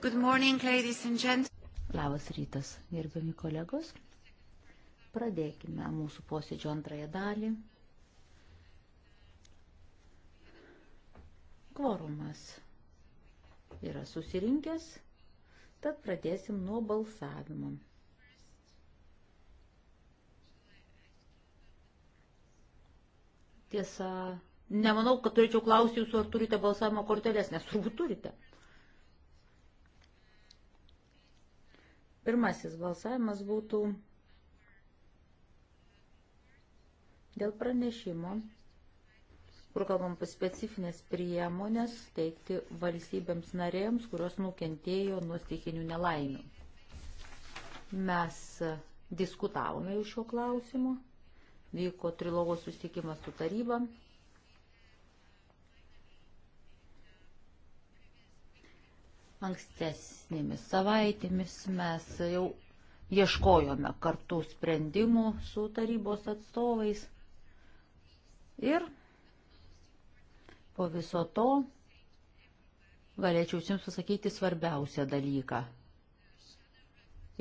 Good morning, ladies and gentlemen. Labas rytas, gerbiami kolegos. Pradėkime mūsų posėdžio antrąją dalį. Kvorumas yra susirinkęs, tad pradėsim nuo balsavimo. Tiesa, nemanau, kad turėčiau klausti jūsų, ar turite balsavimo korteles, nes turbūt turite. Pirmasis balsavimas būtų dėl pranešimo, kur kalbam apie specifines priemonės teikti valstybėms narėms, kurios nukentėjo nuo stikinių nelaimių. Mes diskutavome jau šio klausimu, vyko trilogo susitikimas su taryba. Ankstesnėmis savaitėmis mes jau ieškojome kartu sprendimų su tarybos atstovais ir po viso to galėčiau jums pasakyti svarbiausią dalyką.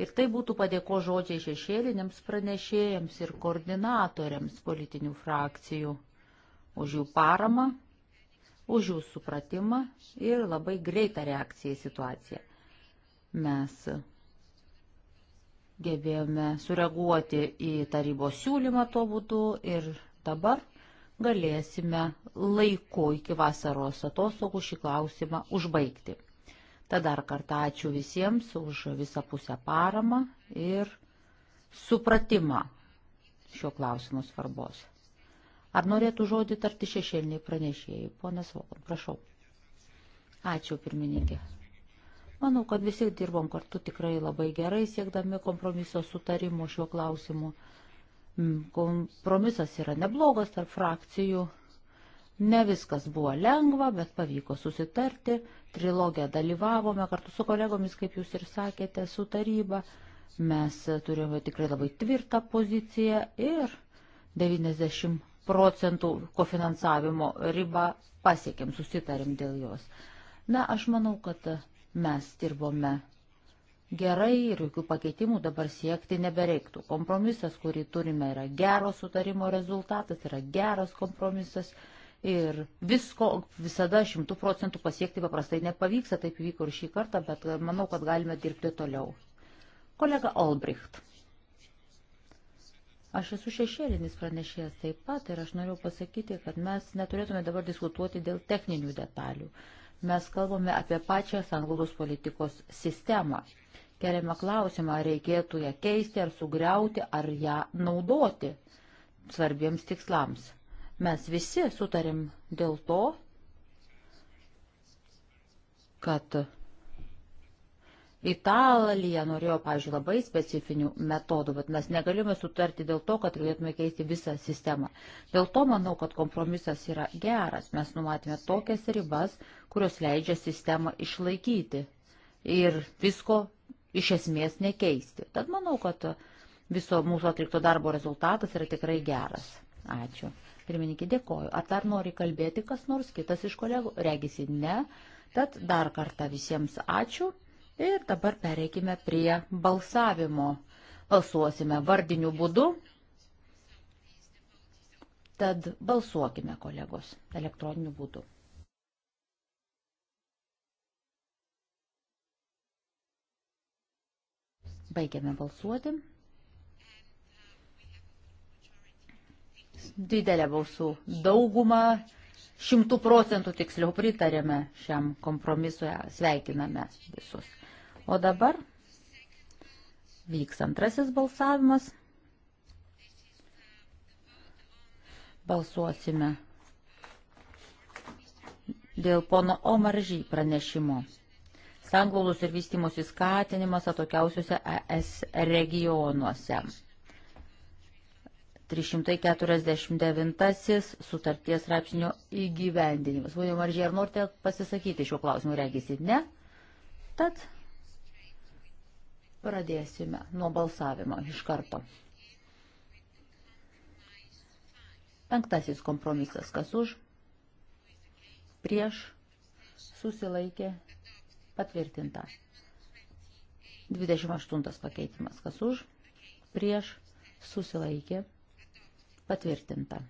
Ir tai būtų padėko žodžiai šešėliniams pranešėjams ir koordinatoriams politinių frakcijų už jų paramą už jų supratimą ir labai greitą reakciją į situaciją. Mes gebėjome sureaguoti į tarybos siūlymą tuo būdu ir dabar galėsime laiku iki vasaros atostogų šį klausimą užbaigti. Tad dar kartą ačiū visiems už visą pusę paramą ir supratimą šio klausimo svarbos. Ar norėtų žodį tarti šešėliniai pranešėjai? Ponas Vokon, prašau. Ačiū, pirmininkė. Manau, kad visi dirbom kartu tikrai labai gerai, siekdami kompromiso sutarimo šiuo klausimu. Mm, kompromisas yra neblogas tarp frakcijų. Ne viskas buvo lengva, bet pavyko susitarti. Trilogę dalyvavome kartu su kolegomis, kaip jūs ir sakėte, su taryba. Mes turėjome tikrai labai tvirtą poziciją ir 90 procentų kofinansavimo ribą pasiekėm, susitarim dėl jos. Na, aš manau, kad mes dirbome gerai ir jokių pakeitimų dabar siekti nebereiktų. Kompromisas, kurį turime, yra gero sutarimo rezultatas, yra geras kompromisas ir visko visada šimtų procentų pasiekti paprastai nepavyksta, taip vyko ir šį kartą, bet manau, kad galime dirbti toliau. Kolega Olbricht. Aš esu šešėlinis pranešėjas taip pat ir aš noriu pasakyti, kad mes neturėtume dabar diskutuoti dėl techninių detalių. Mes kalbame apie pačią sanglaudos politikos sistemą. Keliame klausimą, ar reikėtų ją keisti, ar sugriauti, ar ją naudoti svarbiems tikslams. Mes visi sutarim dėl to, kad Italija norėjo, pažiūrėjau, labai specifinių metodų, bet mes negalime sutarti dėl to, kad galėtume keisti visą sistemą. Dėl to manau, kad kompromisas yra geras. Mes numatėme tokias ribas, kurios leidžia sistemą išlaikyti ir visko iš esmės nekeisti. Tad manau, kad viso mūsų atlikto darbo rezultatas yra tikrai geras. Ačiū. Pirmininkė, dėkoju. Ar dar nori kalbėti kas nors kitas iš kolegų? Regisi ne. Tad dar kartą visiems ačiū. Ir dabar pereikime prie balsavimo. Balsuosime vardiniu būdu. Tad balsuokime, kolegos, elektroniniu būdu. Baigiame balsuoti. Didelę balsų daugumą, šimtų procentų tiksliau pritarėme šiam kompromisui, sveikiname visus. O dabar vyks antrasis balsavimas. Balsuosime dėl pono Omaržy pranešimo. Sanglaudos ir vystimosi skatinimas atokiausiuose ES regionuose. 349 sutarties rapšinio įgyvendinimas. Pone Maržė, ar norite pasisakyti šiuo klausimu, regisi? Ne? Tad Pradėsime nuo balsavimo iš karto. Penktasis kompromisas, kas už, prieš, susilaikė, patvirtinta. 28 pakeitimas, kas už, prieš, susilaikė, patvirtinta.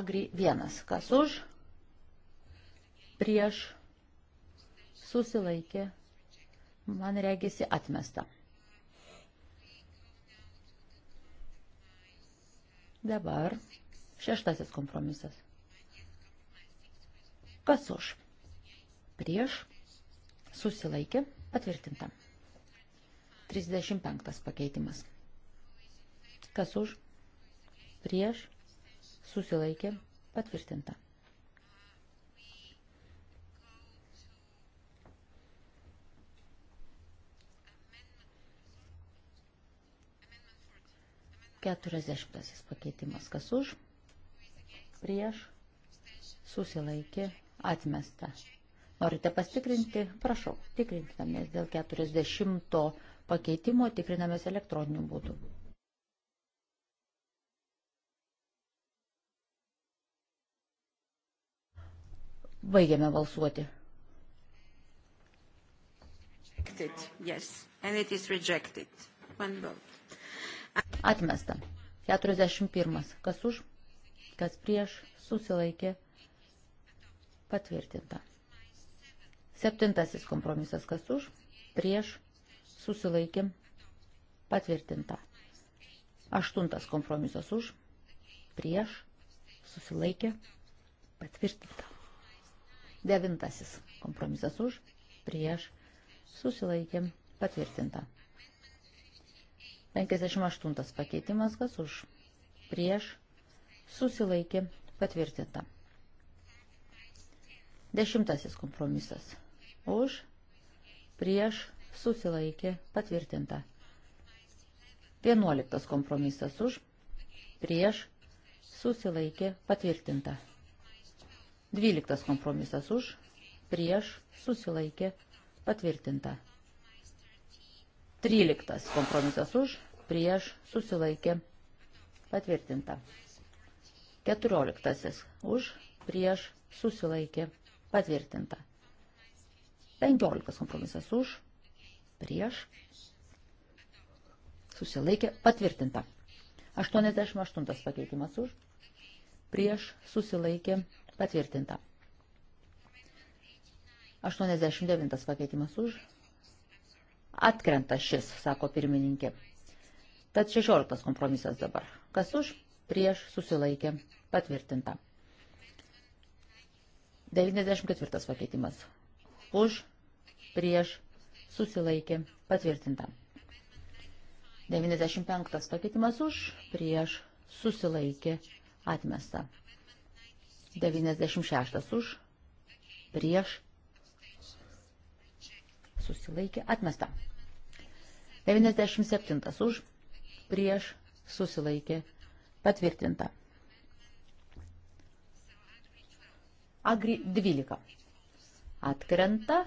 Agri vienas, kas už, prieš, susilaikė, patvirtinta man regisi atmesta. Dabar šeštasis kompromisas. Kas už? Prieš susilaikė patvirtinta. 35 pakeitimas. Kas už? Prieš susilaikė patvirtinta. 40 pakeitimas. Kas už? Prieš. Susilaikė. Atmesta. Norite pastikrinti? Prašau, tikrintamės dėl 40 pakeitimo, tikrinamės elektroniniu būdu. Baigiame balsuoti. Yes. And it is rejected. One vote. Atmesta. 41. Kas už, kas prieš, susilaikė, patvirtinta. Septintasis kompromisas. Kas už, prieš, susilaikė, patvirtinta. Aštuntas kompromisas už, prieš, susilaikė, patvirtinta. Devintasis kompromisas už, prieš, susilaikė, patvirtinta. 58 pakeitimas, kas už, prieš, susilaikė, patvirtinta. Dešimtasis kompromisas. Už, prieš, susilaikė, patvirtinta. Vienuoliktas kompromisas už, prieš, susilaikė, patvirtinta. Dvyliktas kompromisas už, prieš, susilaikė, patvirtinta. 13 kompromisas už, prieš, susilaikė, patvirtinta. 14 už, prieš, susilaikė, patvirtinta. 15 kompromisas už, prieš, susilaikė, patvirtinta. 88 pakeitimas už, prieš, susilaikė, patvirtinta. 89 pakeitimas už, Atkrenta šis, sako pirmininkė. Tad 16 kompromisas dabar. Kas už, prieš, susilaikė, patvirtinta. 94 pakeitimas. Už, prieš, susilaikė, patvirtinta. 95 pakeitimas už, prieš, susilaikė, atmesta. 96 už, prieš, susilaikė, atmesta. 97 už, prieš, susilaikė, patvirtinta. Agri 12. Atkrenta.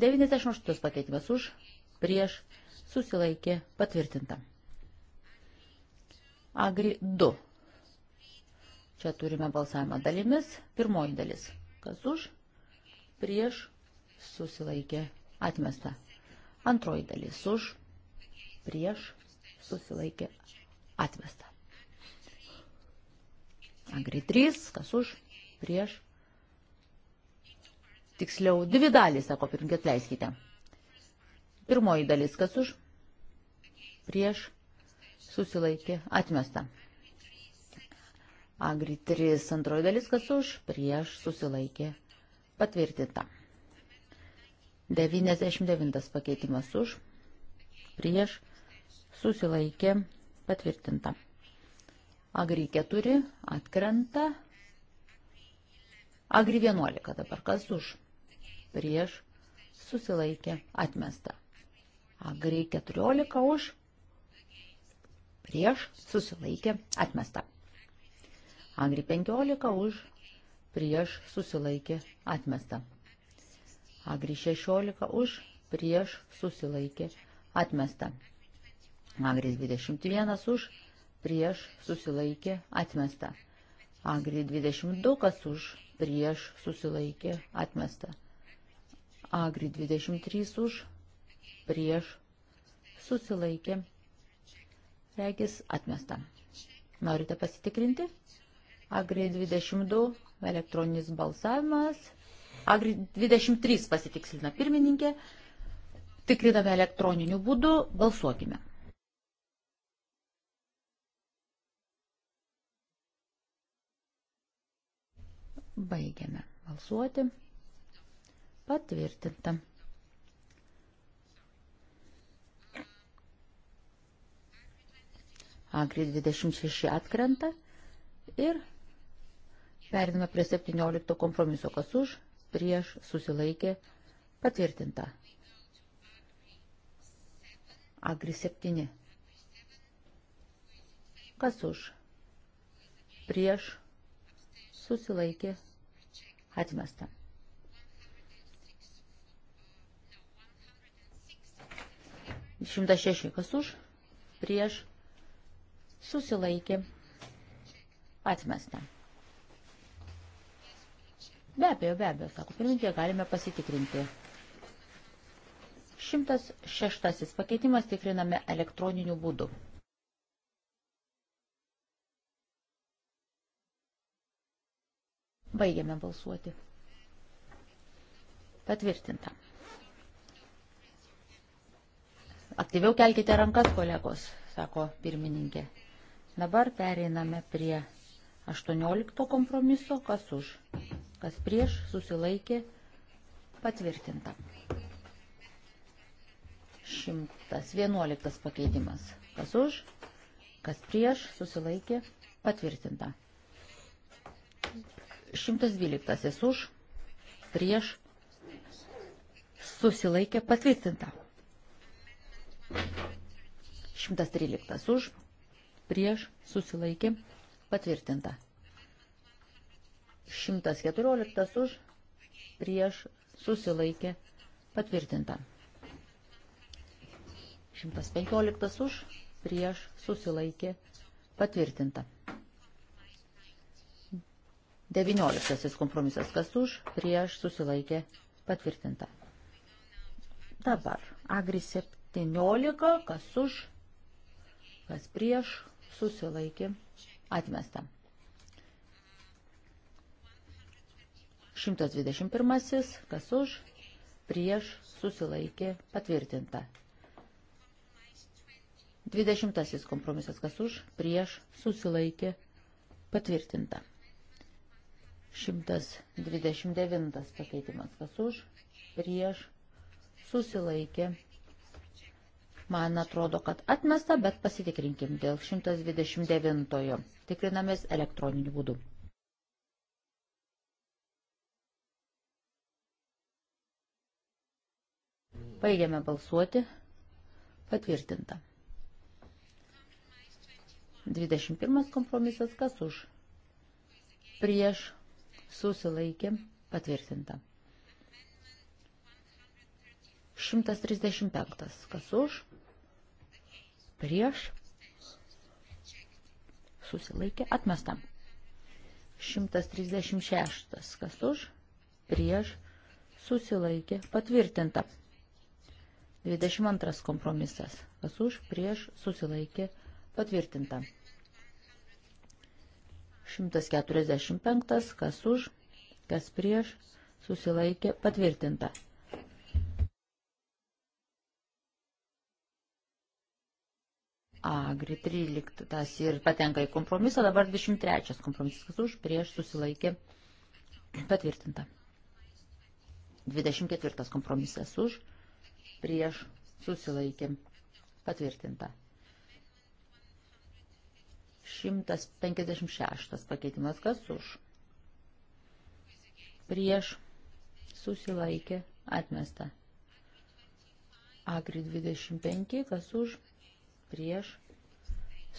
98 pakeitimas už, prieš, susilaikė, patvirtinta. Agri 2. Čia turime balsavimą dalimis. Pirmoji dalis. Kas už, prieš, susilaikė, Atmesta. Antroji dalis už, prieš, susilaikė, atmesta. Agri 3, kas už, prieš. Tiksliau, dvi dalys, sako pirmkit, leiskite. Pirmoji dalis, kas už, prieš, susilaikė, atmesta. Agri 3, antroji dalis, kas už, prieš, susilaikė, patvirtinta. 99 pakeitimas už, prieš, susilaikė, patvirtinta. Agri 4 atkrenta. Agri 11 dabar kas už, prieš, susilaikė, atmesta. Agri 14 už, prieš, susilaikė, atmesta. Agri 15 už, prieš, susilaikė, atmesta. Agri 16 už, prieš, susilaikė, atmesta. Agri 21 už, prieš, susilaikė, atmesta. Agri 22 kas už, prieš, susilaikė, atmesta. Agri 23 už, prieš, susilaikė, regis, atmesta. Norite pasitikrinti? Agri 22 elektroninis balsavimas – Agri 23 pasitikslina pirmininkė. Tikriname elektroniniu būdu, balsuokime. Baigiame balsuoti. Patvirtinta. Agri 26 atkrenta ir periname prie 17 kompromiso, kas už, prieš susilaikė patvirtinta. Agri 7. Kas už? Prieš susilaikė atmesta. Šimtas šeši, kas už, prieš, susilaikė, atmesta. Be abejo, be abejo, sako pirmininkė, galime pasitikrinti. 106 pakeitimas tikriname elektroniniu būdu. Baigiame balsuoti. Patvirtinta. Aktyviau kelkite rankas, kolegos, sako pirmininkė. Dabar pereiname prie 18 kompromiso, kas už, kas prieš, susilaikė, patvirtinta. 111 pakeitimas, kas už, kas prieš, susilaikė, patvirtinta. 112 už, prieš, susilaikė, patvirtinta. 113 už, prieš, susilaikė, patvirtinta. Patvirtinta. 114 už, prieš, susilaikė, patvirtinta. 115 už, prieš, susilaikė, patvirtinta. 19 kompromisas, kas už, prieš, susilaikė, patvirtinta. Dabar, agri 17, kas už, kas prieš, susilaikė, patvirtinta Atmesta. 121. Kas už? Prieš susilaikė patvirtinta. 20. Kompromisas. Kas už? Prieš susilaikė patvirtinta. 129. Pakeitimas. Kas už? Prieš susilaikė patvirtinta Man atrodo, kad atmesta, bet pasitikrinkim dėl 129. Tikrinamės elektroniniu būdu. Baigiame balsuoti. Patvirtinta. 21 kompromisas kas už? Prieš susilaikė patvirtinta. 135 kas už? prieš, susilaikė, atmesta. 136, kas už, prieš, susilaikė, patvirtinta. 22 kompromisas, kas už, prieš, susilaikė, patvirtinta. 145, kas už, kas prieš, susilaikė, patvirtinta. Agri 13 ir patenka į kompromisą, dabar 23 kompromisas už, prieš susilaikė patvirtinta. 24 kompromisas už, prieš susilaikė patvirtinta. 156 pakeitimas kas už, prieš susilaikė atmesta. Agri 25 kas už, prieš prieš,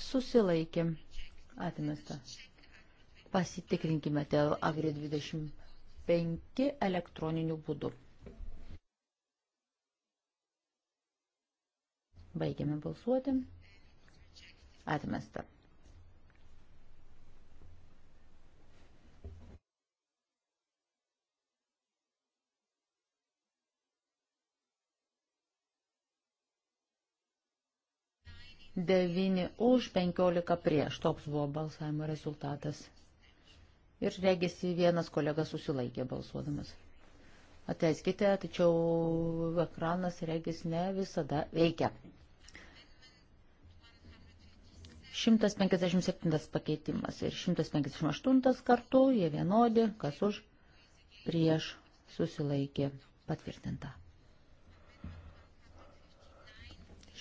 susilaikė, atmesta. Pasitikrinkime dėl Agri 25 elektroninių būdų. Baigiame balsuoti. Atmesta. 9 už 15 prieš. Toks buvo balsavimo rezultatas. Ir regisi vienas kolega susilaikė balsuodamas. Ateiskite, tačiau ekranas regis ne visada veikia. 157 pakeitimas ir 158 kartu, jie vienodi, kas už prieš susilaikė patvirtinta.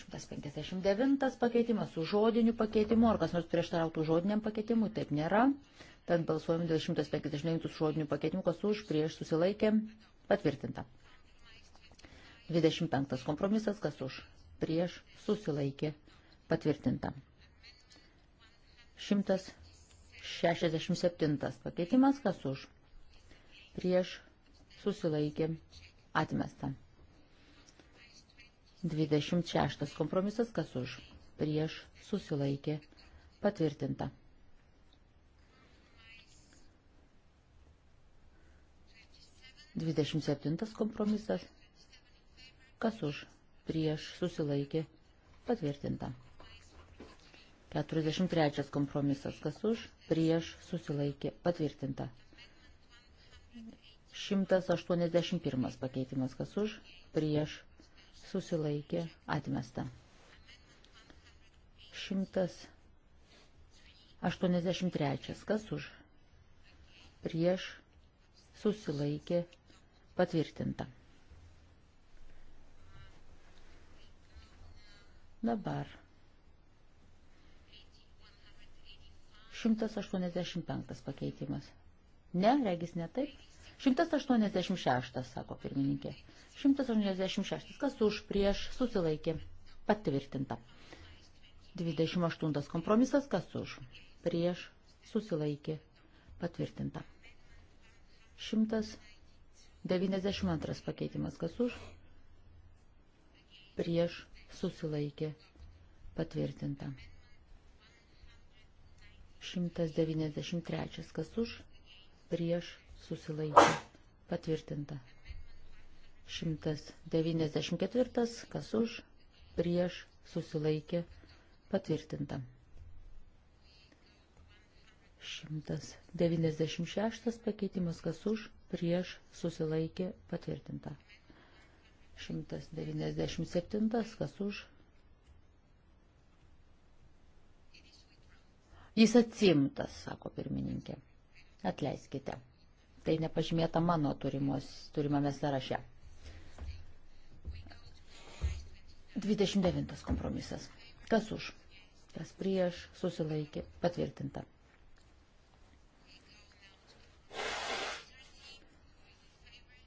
159 pakeitimas su žodiniu pakeitimu, ar kas nors prieštarautų žodiniam pakeitimui, taip nėra. Tad balsuojame dėl 159 su žodiniu pakeitimu, kas už, prieš susilaikė, patvirtinta. 25 kompromisas, kas už, prieš susilaikė, patvirtinta. 167 pakeitimas, kas už, prieš susilaikė, atmesta. 26 kompromisas kas už, prieš, susilaikė, patvirtinta. Dvidešimt septintas kompromisas. Kas už? Prieš susilaikė. Patvirtinta. Keturiasdešimt trečias kompromisas. Kas už? Prieš susilaikė. Patvirtinta. 181 pakeitimas kas už, prieš, susilaikė atmesta. 183. Kas už? Prieš susilaikė patvirtinta. Dabar 185 pakeitimas. Ne, regis ne taip. 186, sako pirmininkė. 186, kas už, prieš, susilaikė, patvirtinta. 28 kompromisas, kas už, prieš, susilaikė, patvirtinta. 192 pakeitimas, kas už, prieš, susilaikė, patvirtinta. 193 kas už, prieš, susilaikė patvirtinta. 194, kas už, prieš, susilaikė, patvirtinta. 196 pakeitimas, kas už, prieš, susilaikė, patvirtinta. 197, kas už. Jis atsimtas, sako pirmininkė. Atleiskite tai nepažymėta mano turimos, turimame sąraše. 29 kompromisas. Kas už? Kas prieš? Susilaikė. Patvirtinta.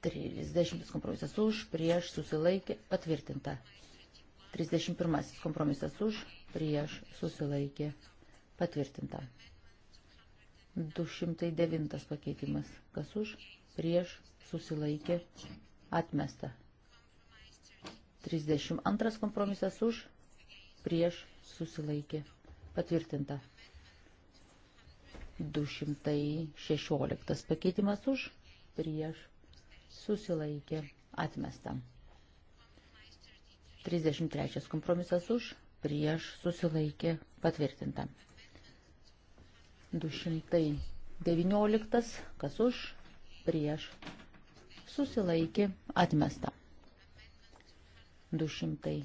Trisdešimtas kompromisas už, prieš, susilaikė, patvirtinta. Trisdešimt pirmasis kompromisas už, prieš, susilaikė, patvirtinta. 209 pakeitimas. Kas už, prieš, susilaikė, atmesta. 32 kompromisas už, prieš, susilaikė, patvirtinta. 216 pakeitimas už, prieš, susilaikė, atmesta. 33 kompromisas už, prieš, susilaikė, patvirtinta. 219, kas už, prieš, susilaikė, atmesta. 220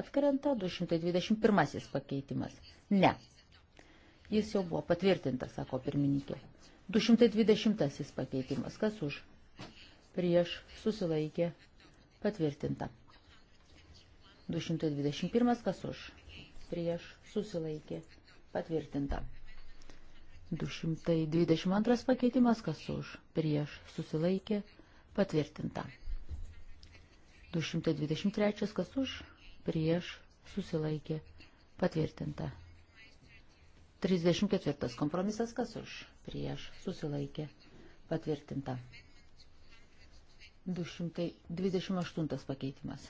atkrenta, 221 pakeitimas. Ne. Jis jau buvo patvirtintas, sako pirmininkė. 220 pakeitimas. Kas už? Prieš susilaikė patvirtinta. 221 kas už? Prieš susilaikė patvirtinta. Patvirtinta. 222 pakeitimas, kas už, prieš, susilaikė, patvirtinta. 223 kas už, prieš, susilaikė, patvirtinta. 34 kompromisas kas už, prieš, susilaikė, patvirtinta. 228 pakeitimas.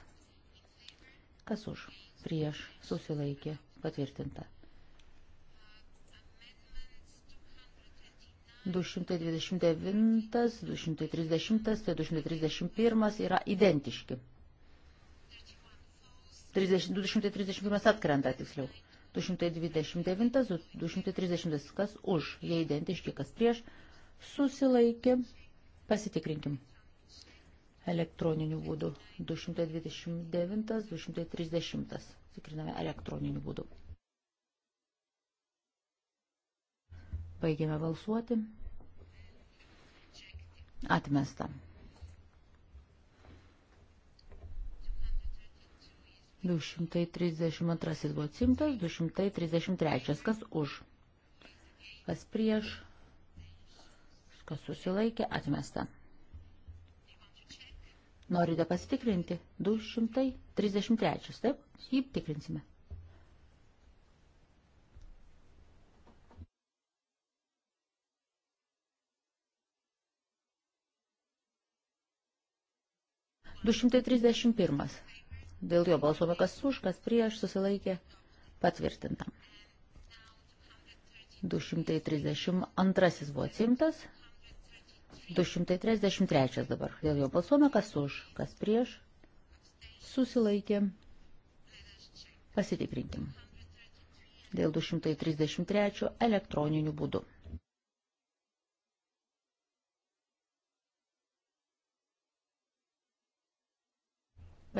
Kas už, prieš, susilaikė, patvirtinta. 229, 230 ir 231 yra identiški. 30, 231 atkrenta tiksliau. 229, 230 kas už, jie identiški, kas prieš, susilaikė, pasitikrinkim elektroniniu būdu. 229, 230, tikriname elektroniniu būdu. Baigėme balsuoti. Atmesta. 232 buvo atsimtas, 233. Kas už? Kas prieš? Kas susilaikė? Atmesta. Norite pasitikrinti? 233. Taip, jį tikrinsime. 231. Dėl jo balsuome kas už, kas prieš, susilaikė patvirtinta. 232 buvo atsimtas. 233 dabar. Dėl jo balsuome kas už, kas prieš, susilaikė. Pasitikrinkim. Dėl 233 elektroniniu būdu.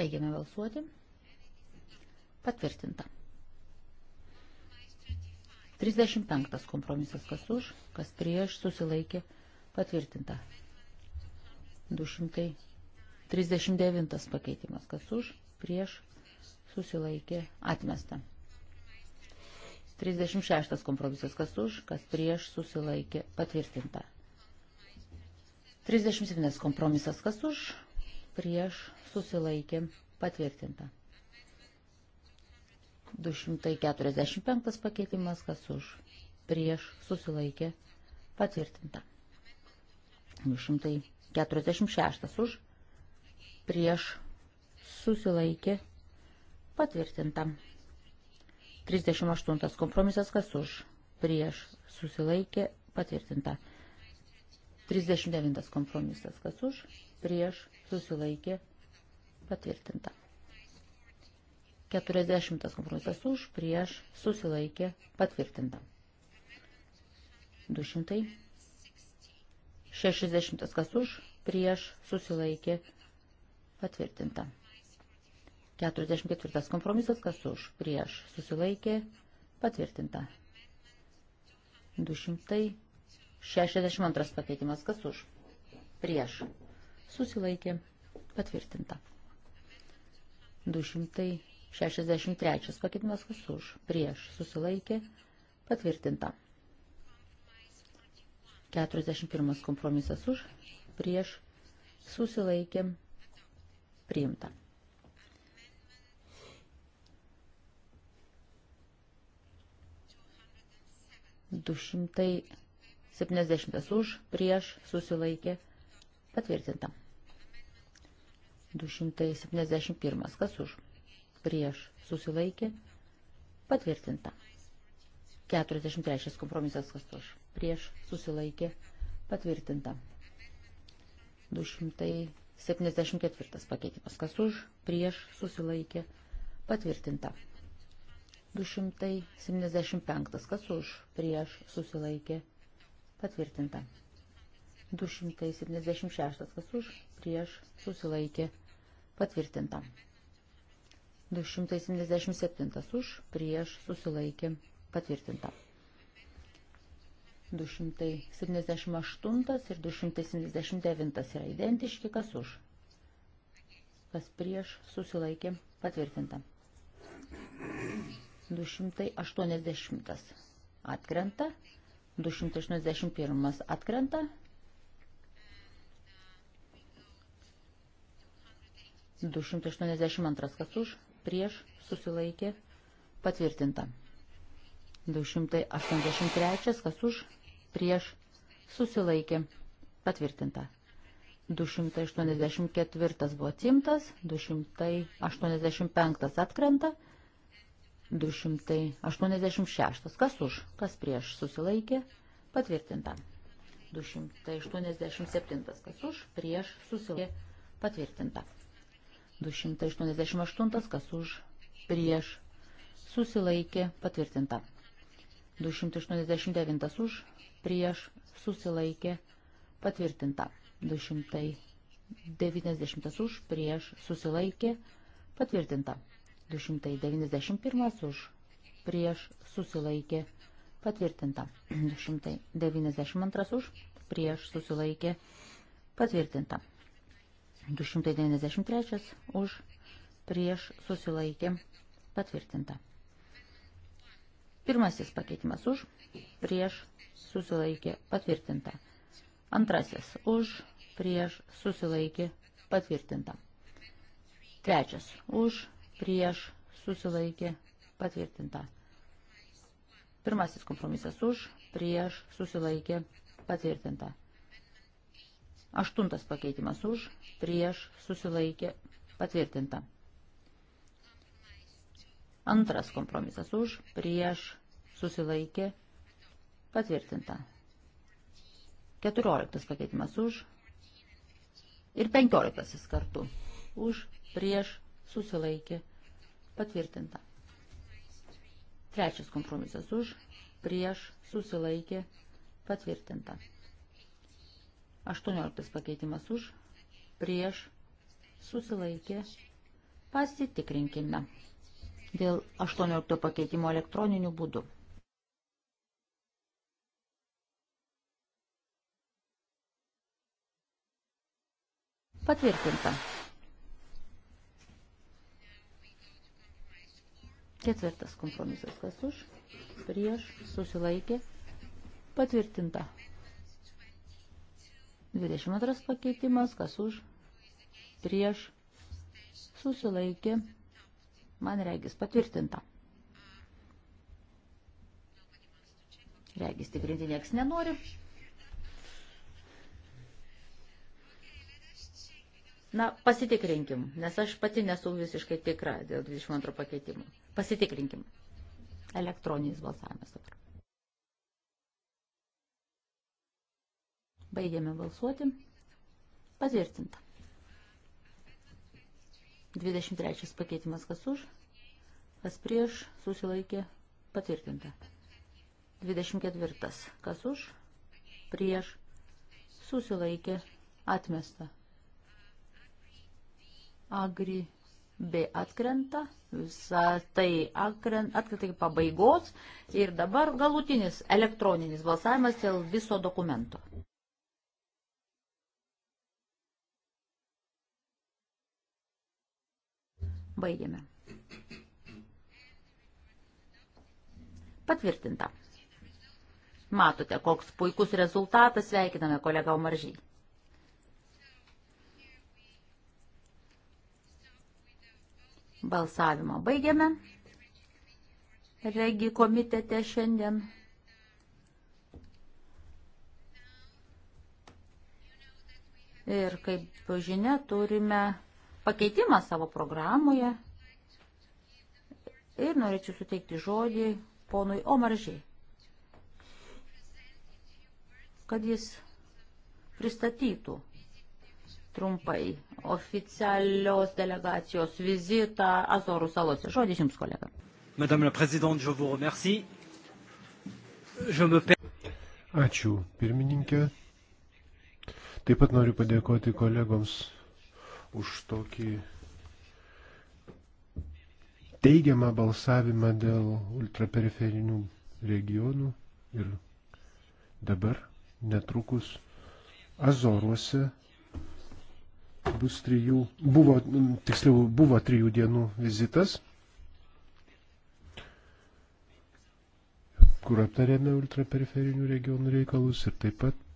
Baigiame balsuoti. Patvirtinta. 35 kompromisas kas už, kas prieš susilaikė patvirtinta. 239 pakeitimas kas už, prieš susilaikė atmesta. 36 kompromisas kas už, kas prieš susilaikė patvirtinta. 37 kompromisas kas už, prieš susilaikė patvirtinta. 245 pakeitimas, kas už, prieš susilaikė patvirtinta. 246 už, prieš susilaikė patvirtinta. 38 kompromisas, kas už, prieš susilaikė patvirtinta. 39 kompromisas. Kas už? Prieš susilaikė patvirtinta. 40 kompromisas už, prieš susilaikė patvirtinta. 260 kas už, prieš susilaikė patvirtinta. 44 kompromisas kas už, prieš susilaikė patvirtinta. 200 62 pakeitimas. Kas už? Prieš. Susilaikė. Patvirtinta. 263 pakeitimas. Kas už? Prieš. Susilaikė. Patvirtinta. 41 kompromisas už. Prieš. Susilaikė. Priimta. Du šimtai 70 už, prieš, susilaikė, patvirtinta. 271 kas už, prieš, susilaikė, patvirtinta. 43 kompromisas kas už, prieš, susilaikė, patvirtinta. 274 pakeitimas kas už, prieš, susilaikė, patvirtinta. 275 kas už, prieš, susilaikė, Patvirtinta. 276. Kas už? Prieš. Susilaikė. Patvirtinta. 277. Už. Prieš. Susilaikė. Patvirtinta. 278 ir 279 yra identiški. Kas už? Kas prieš? Susilaikė. Patvirtinta. 280. Atkrenta. 281 atkrenta. 282 kas už, prieš, susilaikė, patvirtinta. 283 kas už, prieš, susilaikė, patvirtinta. 284 buvo atsimtas, 285 atkrenta, 286. Kas už, kas prieš susilaikė, patvirtinta. 287. Kas už, prieš susilaikė, patvirtinta. 288. Kas už, prieš susilaikė, patvirtinta. 289. Už, prieš susilaikė, patvirtinta. 290. Už, prieš susilaikė, patvirtinta. 291 už prieš susilaikė patvirtinta. 292 už prieš susilaikė patvirtinta. 293 už prieš susilaikė patvirtinta. Pirmasis pakeitimas už prieš susilaikė patvirtinta. Antrasis už prieš susilaikė patvirtinta. Trečias už prieš susilaikė patvirtinta. Pirmasis kompromisas už, prieš susilaikė patvirtinta. Aštuntas pakeitimas už, prieš susilaikė patvirtinta. Antras kompromisas už, prieš susilaikė patvirtinta. Keturioliktas pakeitimas už ir penkioliktasis kartu už, prieš susilaikė Patvirtinta. Trečias kompromisas už, prieš, susilaikė, patvirtinta. 18 pakeitimas už, prieš, susilaikė, pasitikrinkime dėl 18 pakeitimo elektroniniu būdu. Patvirtinta. Ketvirtas kompromisas. Kas už? Prieš. Susilaikė. Patvirtinta. 22 pakeitimas. Kas už? Prieš. Susilaikė. Man regis patvirtinta. Regis tikrinti nieks nenori. Na, pasitikrinkim, nes aš pati nesu visiškai tikra dėl 22 pakeitimų. Pasitikrinkim. Elektroninis balsavimas dabar. Baigėme balsuoti. Patvirtinta. 23 pakeitimas kas už, kas prieš, susilaikė, patvirtinta. 24 kas už, prieš, susilaikė, atmesta. Agri B atkrenta, visa tai atkrenta iki pabaigos ir dabar galutinis elektroninis balsavimas dėl viso dokumento. Baigėme. Patvirtinta. Matote, koks puikus rezultatas, sveikiname kolegą Omaržį. Balsavimą baigiame. Regi komitete šiandien. Ir kaip žinia, turime pakeitimą savo programoje. Ir norėčiau suteikti žodį ponui Omaržiai, kad jis pristatytų trumpai oficialios delegacijos vizitą Azorų salose. Žodis Jums, kolega. Madame la Présidente, je vous remercie. Je me... Ačiū, pirmininkė. Taip pat noriu padėkoti kolegoms už tokį teigiamą balsavimą dėl ultraperiferinių regionų ir dabar netrukus Azoruose bus trijų, buvo, tiksliau, buvo trijų dienų vizitas, kur aptarėme ultraperiferinių regionų reikalus ir taip pat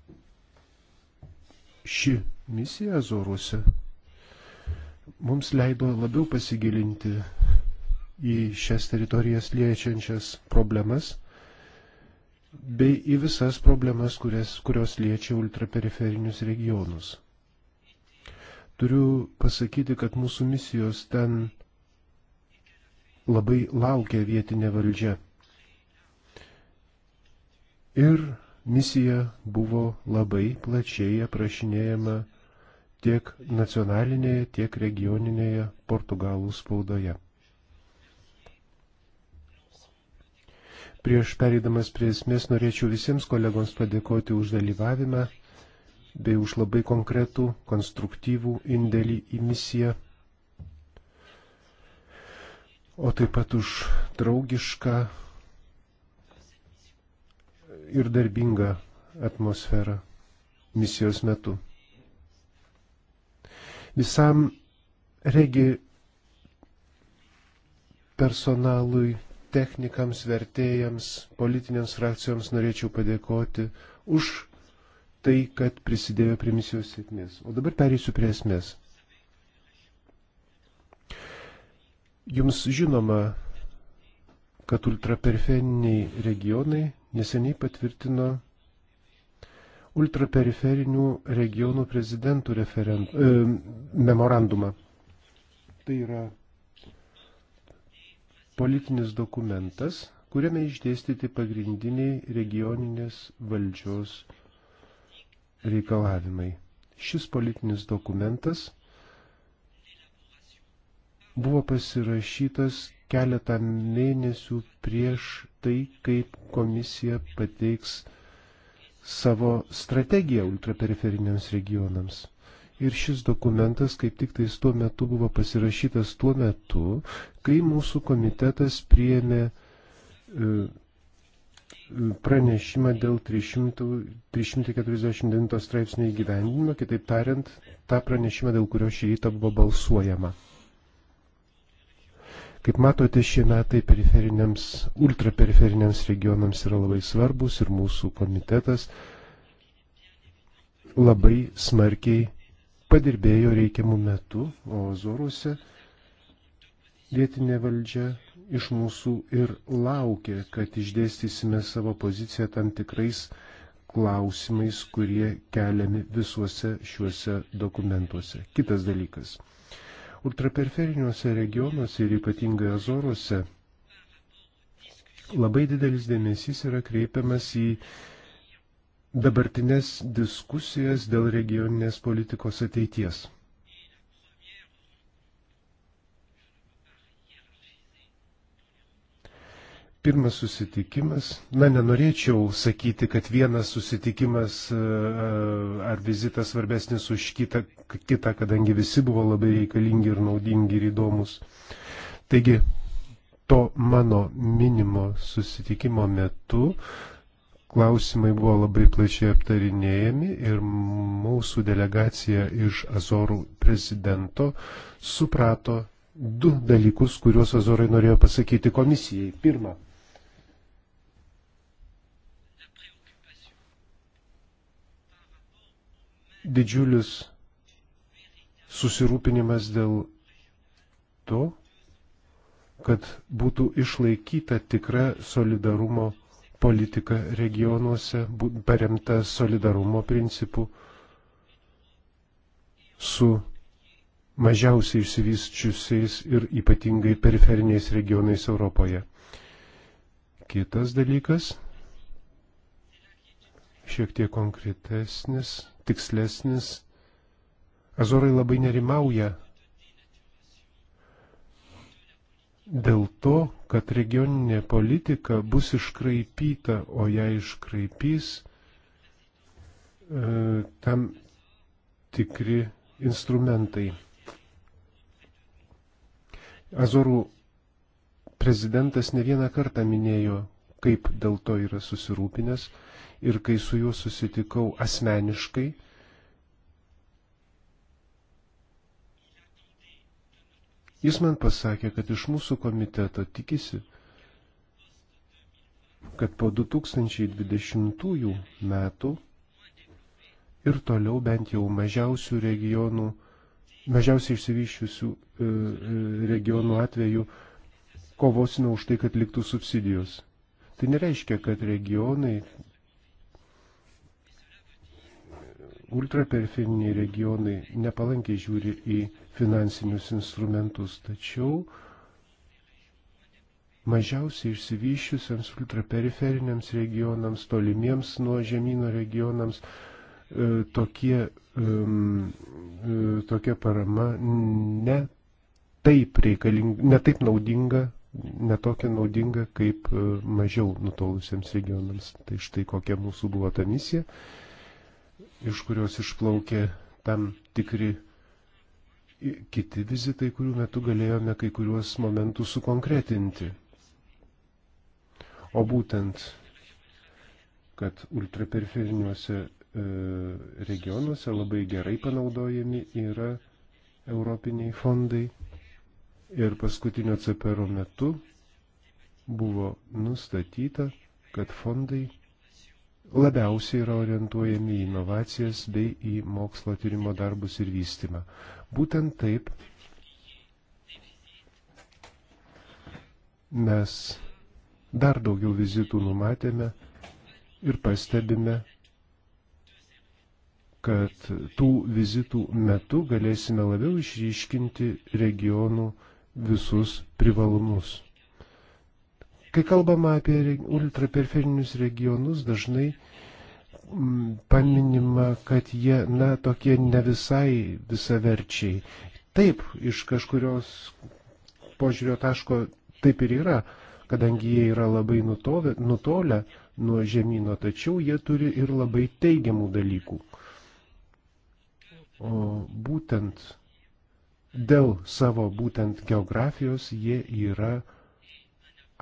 ši misija Azoruose mums leido labiau pasigilinti į šias teritorijas liečiančias problemas bei į visas problemas, kurias, kurios liečia ultraperiferinius regionus. Turiu pasakyti, kad mūsų misijos ten labai laukia vietinė valdžia. Ir misija buvo labai plačiai aprašinėjama tiek nacionalinėje, tiek regioninėje portugalų spaudoje. Prieš pereidamas prie esmės norėčiau visiems kolegoms padėkoti už dalyvavimą bei už labai konkretų, konstruktyvų indėlį į misiją, o taip pat už draugišką ir darbingą atmosferą misijos metu. Visam regi personalui, technikams, vertėjams, politinėms frakcijoms norėčiau padėkoti už tai, kad prisidėjo prie misijos sėkmės. O dabar perėsiu prie esmės. Jums žinoma, kad ultraperiferiniai regionai neseniai patvirtino ultraperiferinių regionų prezidentų referent, e, memorandumą. Tai yra politinis dokumentas, kuriame išdėstyti pagrindiniai regioninės valdžios reikalavimai. Šis politinis dokumentas buvo pasirašytas keletą mėnesių prieš tai, kaip komisija pateiks savo strategiją ultraperiferiniams regionams. Ir šis dokumentas kaip tik tais tuo metu buvo pasirašytas tuo metu, kai mūsų komitetas priėmė e, pranešimą dėl 300, 349 straipsnio įgyvendinimo, kitaip tariant, tą pranešimą, dėl kurio šį rytą buvo balsuojama. Kaip matote, šie metai periferiniams, ultraperiferiniams regionams yra labai svarbus ir mūsų komitetas labai smarkiai padirbėjo reikiamų metų Ozoruose. Vietinė valdžia iš mūsų ir laukia, kad išdėstysime savo poziciją tam tikrais klausimais, kurie keliami visuose šiuose dokumentuose. Kitas dalykas. Ultraperferiniuose regionuose ir ypatingai Azoruose labai didelis dėmesys yra kreipiamas į dabartinės diskusijas dėl regioninės politikos ateities. pirmas susitikimas, na nenorėčiau sakyti, kad vienas susitikimas e, e, ar vizitas svarbesnis už kitą, kitą, kadangi visi buvo labai reikalingi ir naudingi ir įdomus. Taigi, to mano minimo susitikimo metu klausimai buvo labai plačiai aptarinėjami ir mūsų delegacija iš Azorų prezidento suprato du dalykus, kuriuos Azorai norėjo pasakyti komisijai. Pirma, didžiulis susirūpinimas dėl to, kad būtų išlaikyta tikra solidarumo politika regionuose, paremta solidarumo principu su mažiausiai išsivysčiusiais ir ypatingai periferiniais regionais Europoje. Kitas dalykas, šiek tiek konkretesnis, tikslesnis. Azorai labai nerimauja dėl to, kad regioninė politika bus iškraipyta, o ją iškraipys e, tam tikri instrumentai. Azorų prezidentas ne vieną kartą minėjo, kaip dėl to yra susirūpinęs, ir kai su juo susitikau asmeniškai, jis man pasakė, kad iš mūsų komiteto tikisi, kad po 2020 metų ir toliau bent jau mažiausių regionų, mažiausiai išsivyščiusių e, e, regionų atveju kovosime už tai, kad liktų subsidijos. Tai nereiškia, kad regionai ultraperiferiniai regionai nepalankiai žiūri į finansinius instrumentus, tačiau mažiausiai išsivyščiusiams ultraperiferiniams regionams, tolimiems nuo žemynų regionams e, tokie, e, tokia parama ne taip reikalinga, ne taip naudinga, netokia naudinga kaip e, mažiau nutolusiems regionams. Tai štai kokia mūsų buvo ta misija iš kurios išplaukė tam tikri kiti vizitai, kurių metu galėjome kai kuriuos momentus sukonkretinti. O būtent, kad ultraperiferiniuose e, regionuose labai gerai panaudojami yra europiniai fondai ir paskutinio CPR metu buvo nustatyta, kad fondai labiausiai yra orientuojami į inovacijas bei į mokslo tyrimo darbus ir vystimą. Būtent taip mes dar daugiau vizitų numatėme ir pastebime, kad tų vizitų metu galėsime labiau išryškinti regionų visus privalumus. Kai kalbama apie ultraperiferinius regionus, dažnai mm, paminima, kad jie, na, tokie ne visai visaverčiai. Taip, iš kažkurios požiūrio taško taip ir yra, kadangi jie yra labai nutolę, nutolę nuo žemynų, tačiau jie turi ir labai teigiamų dalykų. O būtent dėl savo būtent geografijos jie yra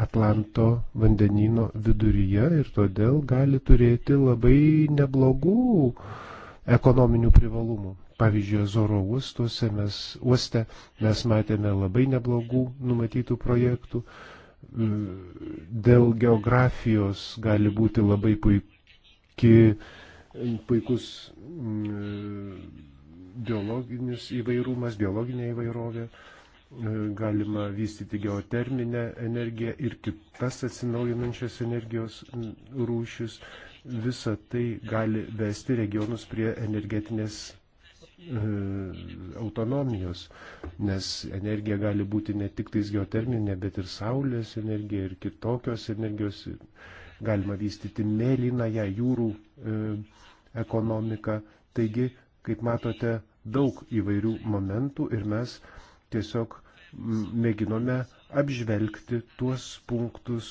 Atlanto vandenino viduryje ir todėl gali turėti labai neblogų ekonominių privalumų. Pavyzdžiui, Zoro uostuose mes, uoste mes matėme labai neblogų numatytų projektų. Dėl geografijos gali būti labai puiki, puikus mm, biologinis įvairumas, biologinė įvairovė galima vystyti geoterminę energiją ir kitas atsinaujinančias energijos rūšius. Visa tai gali vesti regionus prie energetinės e, autonomijos, nes energija gali būti ne tik tais geoterminė, bet ir saulės energija ir kitokios energijos. Galima vystyti mėlynąją jūrų e, ekonomiką. Taigi, kaip matote, daug įvairių momentų ir mes tiesiog mėginome apžvelgti tuos punktus,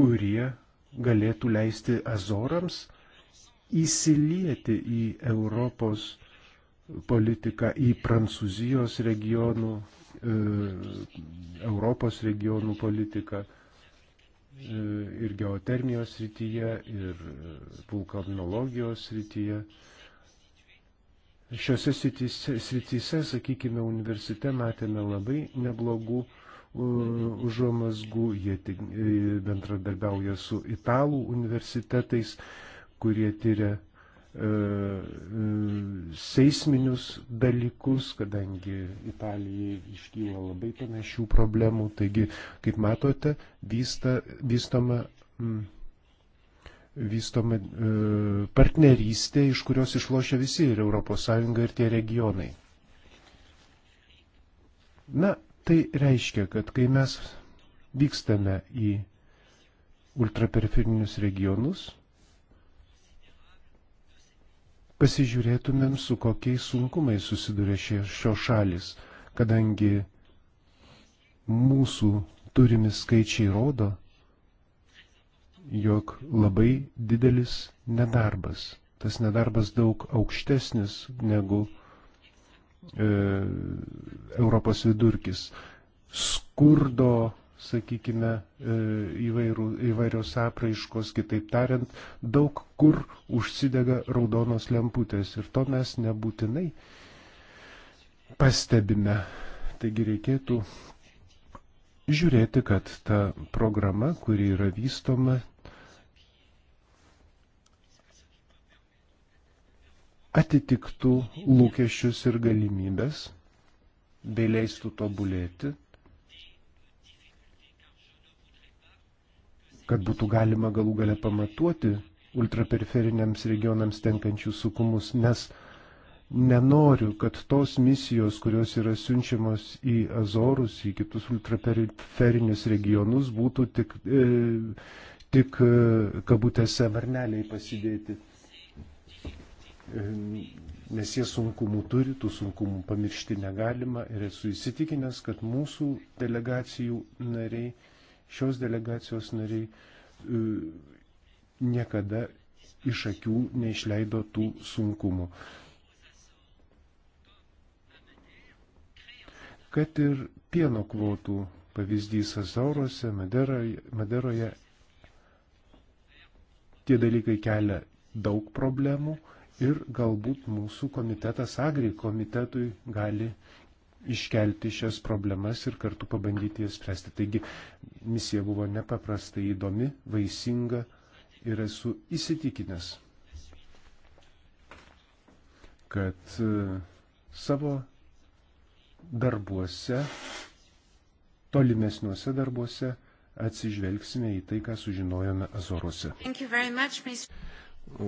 kurie galėtų leisti Azorams įsilieti į Europos politiką, į Prancūzijos regionų, e, Europos regionų politiką e, ir geotermijos srityje, ir vulkanologijos srityje. Šiuose srityse, sakykime, universitete matėme labai neblogų užuomasgų, jie e, bendradarbiauja su italų universitetais, kurie tyria e, e, seisminius dalykus, kadangi Italijai iškyla labai panašių problemų. Taigi, kaip matote, vysta, vystoma mm, vystoma e, partnerystė, iš kurios išlošia visi ir ES ir tie regionai. Na, tai reiškia, kad kai mes vykstame į ultraperiferinius regionus, pasižiūrėtumėm, su kokiais sunkumais susiduria šios šalis, kadangi mūsų turimi skaičiai rodo, jog labai didelis nedarbas. Tas nedarbas daug aukštesnis negu e, Europos vidurkis. Skurdo, sakykime, e, įvairių, įvairios apraiškos, kitaip tariant, daug kur užsidega raudonos lemputės ir to mes nebūtinai pastebime. Taigi reikėtų žiūrėti, kad ta programa, kuri yra vystoma, atitiktų lūkesčius ir galimybės, bei leistų tobulėti, kad būtų galima galų gale pamatuoti ultraperiferiniams regionams tenkančius sukumus, nes nenoriu, kad tos misijos, kurios yra siunčiamos į Azorus, į kitus ultraperiferinius regionus, būtų tik, e, tik e, kabutėse varneliai pasidėti nes jie sunkumų turi, tų sunkumų pamiršti negalima ir esu įsitikinęs, kad mūsų delegacijų nariai, šios delegacijos nariai e, niekada iš akių neišleido tų sunkumų. Kad ir pieno kvotų pavyzdys Azorose, Maderoje, Maderoje tie dalykai kelia daug problemų ir galbūt mūsų komitetas agri komitetui gali iškelti šias problemas ir kartu pabandyti jas spręsti. Taigi misija buvo nepaprastai įdomi, vaisinga ir esu įsitikinęs, kad e, savo darbuose, tolimesniuose darbuose atsižvelgsime į tai, ką sužinojome Azoruose. Much,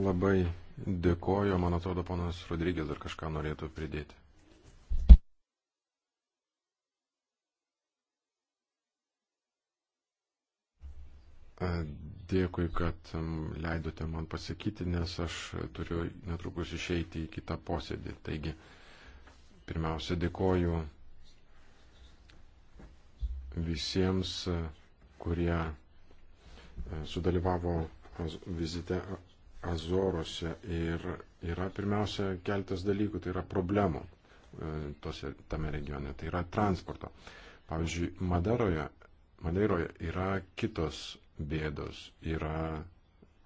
Labai Dėkoju, man atrodo, ponas Rodrygės dar kažką norėtų pridėti. Dėkui, kad leidote man pasakyti, nes aš turiu netrukus išeiti į kitą posėdį. Taigi, pirmiausia, dėkoju visiems, kurie e, sudalyvavo vizite Azorose ir yra pirmiausia keltas dalykų, tai yra problemų e, tose, tame regione, tai yra transporto. Pavyzdžiui, Madaroje, Madeiroje yra kitos bėdos, yra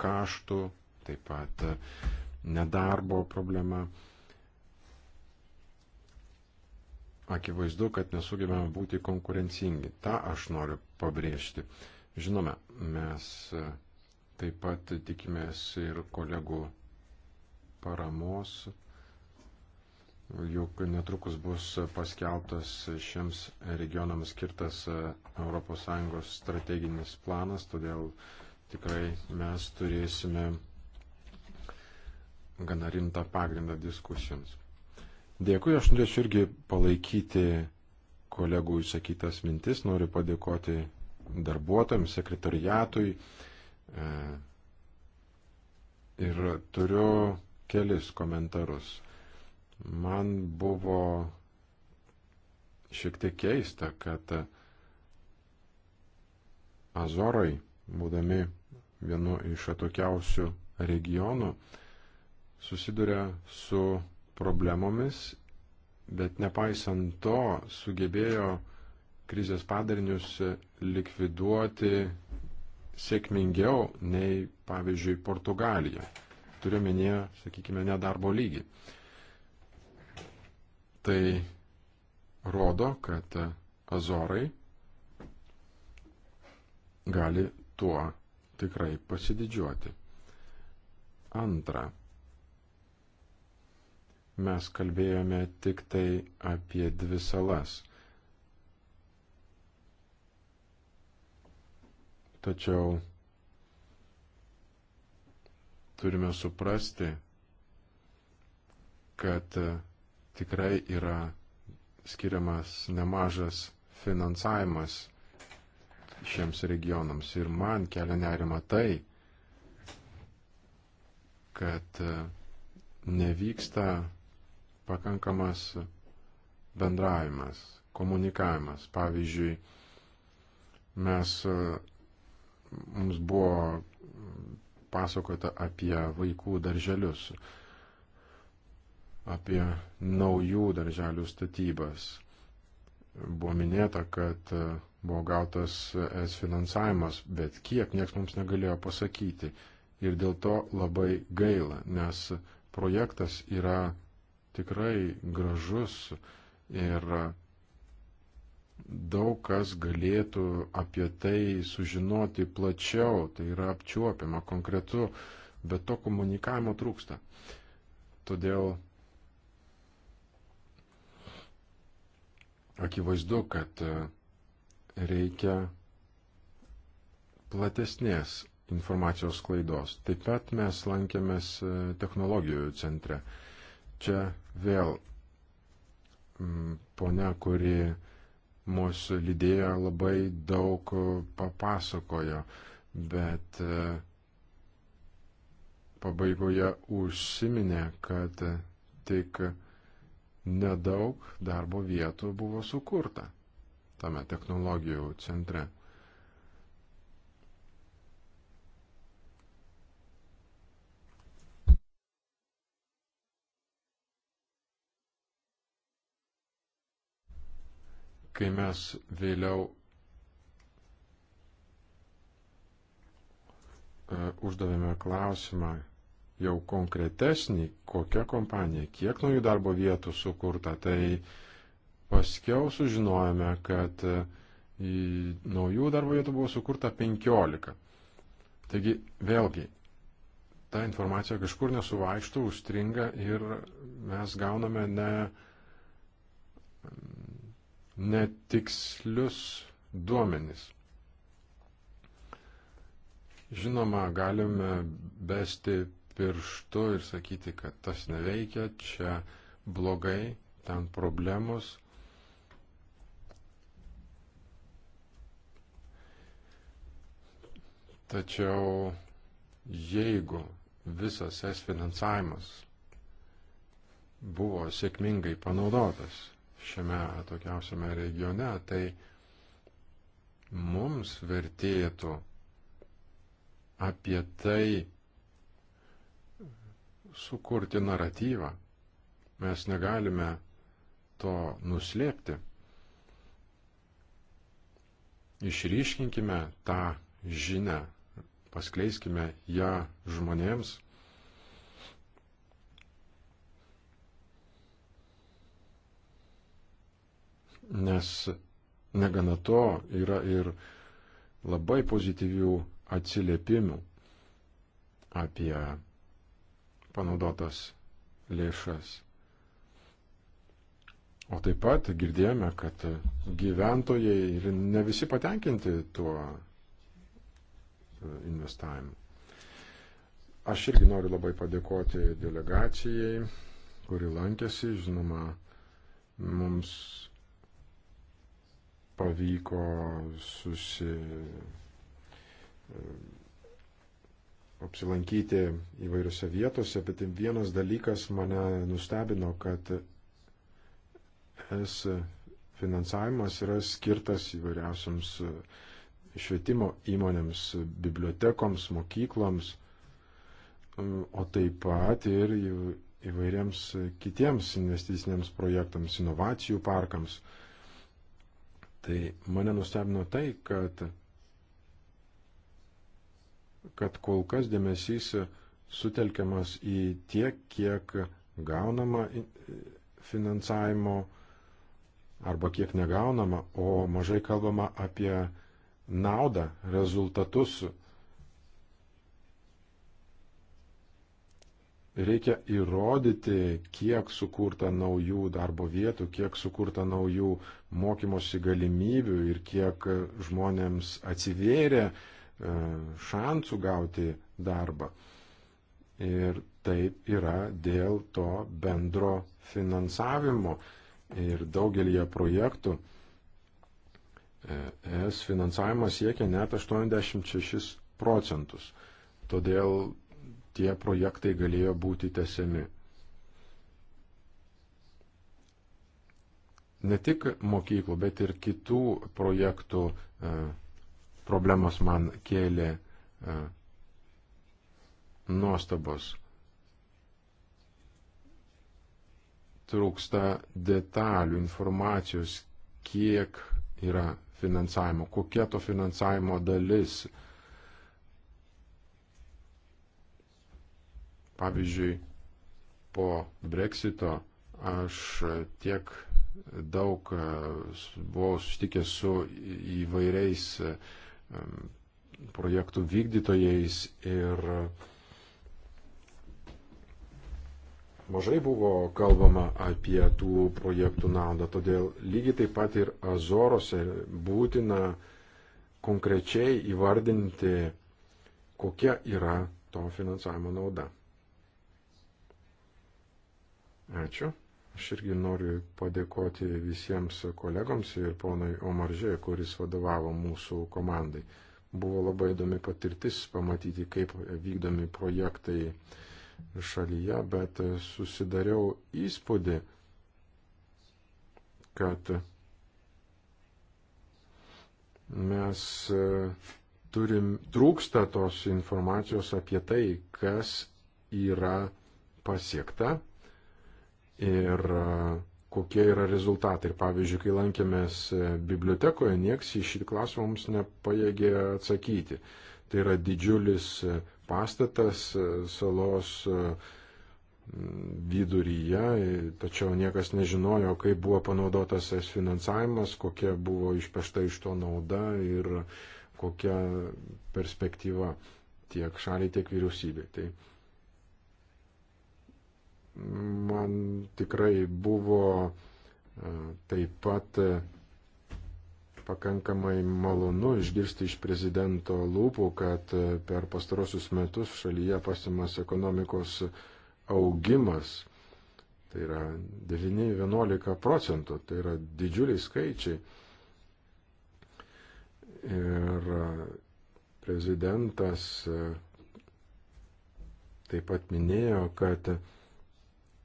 kaštų, taip pat nedarbo problema. Akivaizdu, kad nesugebėme būti konkurencingi. Ta aš noriu pabrėžti. Žinome, mes Taip pat tikimės ir kolegų paramos, juk netrukus bus paskelbtas šiems regionams skirtas ES strateginis planas, todėl tikrai mes turėsime gana rimtą pagrindą diskusijoms. Dėkui, aš norėčiau irgi palaikyti kolegų išsakytas mintis, noriu padėkoti darbuotojams, sekretariatui, E, ir turiu kelis komentarus. Man buvo šiek tiek keista, kad Azorai, būdami vienu iš atokiausių regionų, susiduria su problemomis, bet nepaisant to sugebėjo krizės padarinius likviduoti sėkmingiau nei, pavyzdžiui, Portugalija. Turiu minėję, sakykime, nedarbo lygį. Tai rodo, kad Azorai gali tuo tikrai pasididžiuoti. Antra, mes kalbėjome tik tai apie dvi salas Tačiau turime suprasti, kad tikrai yra skiriamas nemažas finansavimas šiems regionams. Ir man kelia nerima tai, kad nevyksta pakankamas bendravimas, komunikavimas. Pavyzdžiui, mes mums buvo pasakota apie vaikų darželius, apie naujų darželių statybas. Buvo minėta, kad e, buvo gautas es finansavimas, bet kiek nieks mums negalėjo pasakyti. Ir dėl to labai gaila, nes projektas yra tikrai gražus ir daug kas galėtų apie tai sužinoti plačiau, tai yra apčiuopiama, konkretu, bet to komunikavimo trūksta. Todėl akivaizdu, kad e, reikia platesnės informacijos klaidos. Taip pat mes lankėmės e, technologijų centre. Čia vėl ponia, kuri mūsų lydėjo labai daug e, papasakojo, bet e, pabaigoje užsiminė, kad e, tik nedaug darbo vietų buvo sukurta tame technologijų centre. kai mes vėliau e, uždavėme klausimą jau konkretesnį, kokia kompanija, kiek naujų darbo vietų sukurta, tai paskiau sužinojome, kad e, naujų darbo vietų buvo sukurta 15. Taigi, vėlgi, ta informacija kažkur nesuvaikštų, užstringa ir mes gauname ne netikslius duomenis. Žinoma, galime besti pirštu ir sakyti, kad tas neveikia, čia blogai, ten problemos. Tačiau jeigu visas es finansavimas buvo sėkmingai panaudotas šiame atokiausiame regione, tai mums vertėtų apie tai sukurti naratyvą. Mes negalime to nuslėpti. Išryškinkime tą žinę, paskleiskime ją žmonėms nes negana to yra ir labai pozityvių atsiliepimų apie panaudotas lėšas. O taip pat girdėjome, kad gyventojai ir ne visi patenkinti tuo investavimu. Aš irgi noriu labai padėkoti delegacijai, kuri lankėsi, žinoma, mums pavyko susi apsilankyti įvairiose vietose, bet tai vienas dalykas mane nustebino, kad es finansavimas yra skirtas įvairiausiams e, švietimo įmonėms, bibliotekoms, mokykloms, e, o taip pat ir įvairiems kitiems investiciniams projektams, inovacijų parkams. Tai mane nustebino tai, kad, kad kol kas dėmesys sutelkiamas į tiek, kiek gaunama finansavimo arba kiek negaunama, o mažai kalbama apie naudą, rezultatus. Reikia įrodyti, kiek sukurta naujų darbo vietų, kiek sukurta naujų uh, mokymosi galimybių ir kiek žmonėms atsivėrė e, šansų gauti darbą. Ir taip yra dėl to bendro finansavimo ir daugelį projektų. E, ES finansavimas siekia net 86 procentus. Todėl tie projektai galėjo būti tesiami. ne tik mokyklų, bet ir kitų projektų e, problemos man kėlė e, nuostabos. Trūksta detalių, informacijos, kiek yra finansavimo, kokia to finansavimo dalis. Pavyzdžiui, po breksito aš tiek daug e, buvau sustikęs su įvairiais e, projektų vykdytojais ir mažai buvo kalbama apie tų projektų naudą. Todėl lygiai taip pat ir Azorose būtina konkrečiai įvardinti, kokia yra to finansavimo nauda. Ačiū. Aš irgi noriu padėkoti visiems kolegoms ir ponui Omaržė, kuris vadovavo mūsų komandai. Buvo labai įdomi patirtis pamatyti, kaip vykdomi projektai šalyje, bet susidariau įspūdį, kad mes e, turim trūksta tos informacijos apie tai, kas yra pasiekta ir e, kokie yra rezultatai. Ir pavyzdžiui, kai lankėmės e, bibliotekoje, nieks į šį klausimą mums nepajėgė atsakyti. Tai yra didžiulis e, pastatas salos viduryje, tačiau niekas nežinojo, kaip buvo panaudotas es finansavimas, kokia buvo išpešta iš to nauda ir kokia perspektyva tiek šaliai, tiek vyriausybei. Tai man tikrai buvo e, taip pat e, pakankamai malonu išgirsti iš prezidento lūpų, kad e, per pastarosius metus šalyje pasimas ekonomikos augimas. Tai yra 9-11 procentų, tai yra didžiuliai skaičiai. Ir prezidentas taip pat minėjo, kad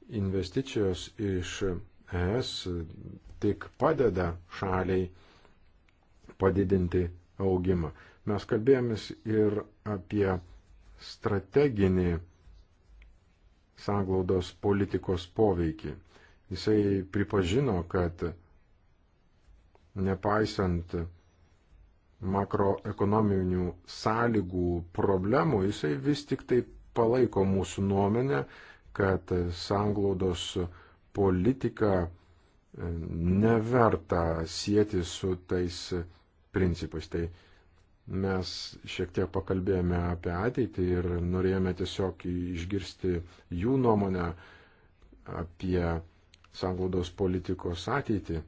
investicijos iš ES tik padeda šaliai padidinti augimą. Mes kalbėjomės ir apie strateginį sanglaudos politikos poveikį. Jisai pripažino, kad nepaisant makroekonominių sąlygų problemų, jisai vis tik tai palaiko mūsų nuomonę, kad sanglaudos politika e, neverta sieti su tais principais. Tai mes šiek tiek pakalbėjome apie ateitį ir norėjome tiesiog išgirsti jų nuomonę apie sanglaudos politikos ateitį.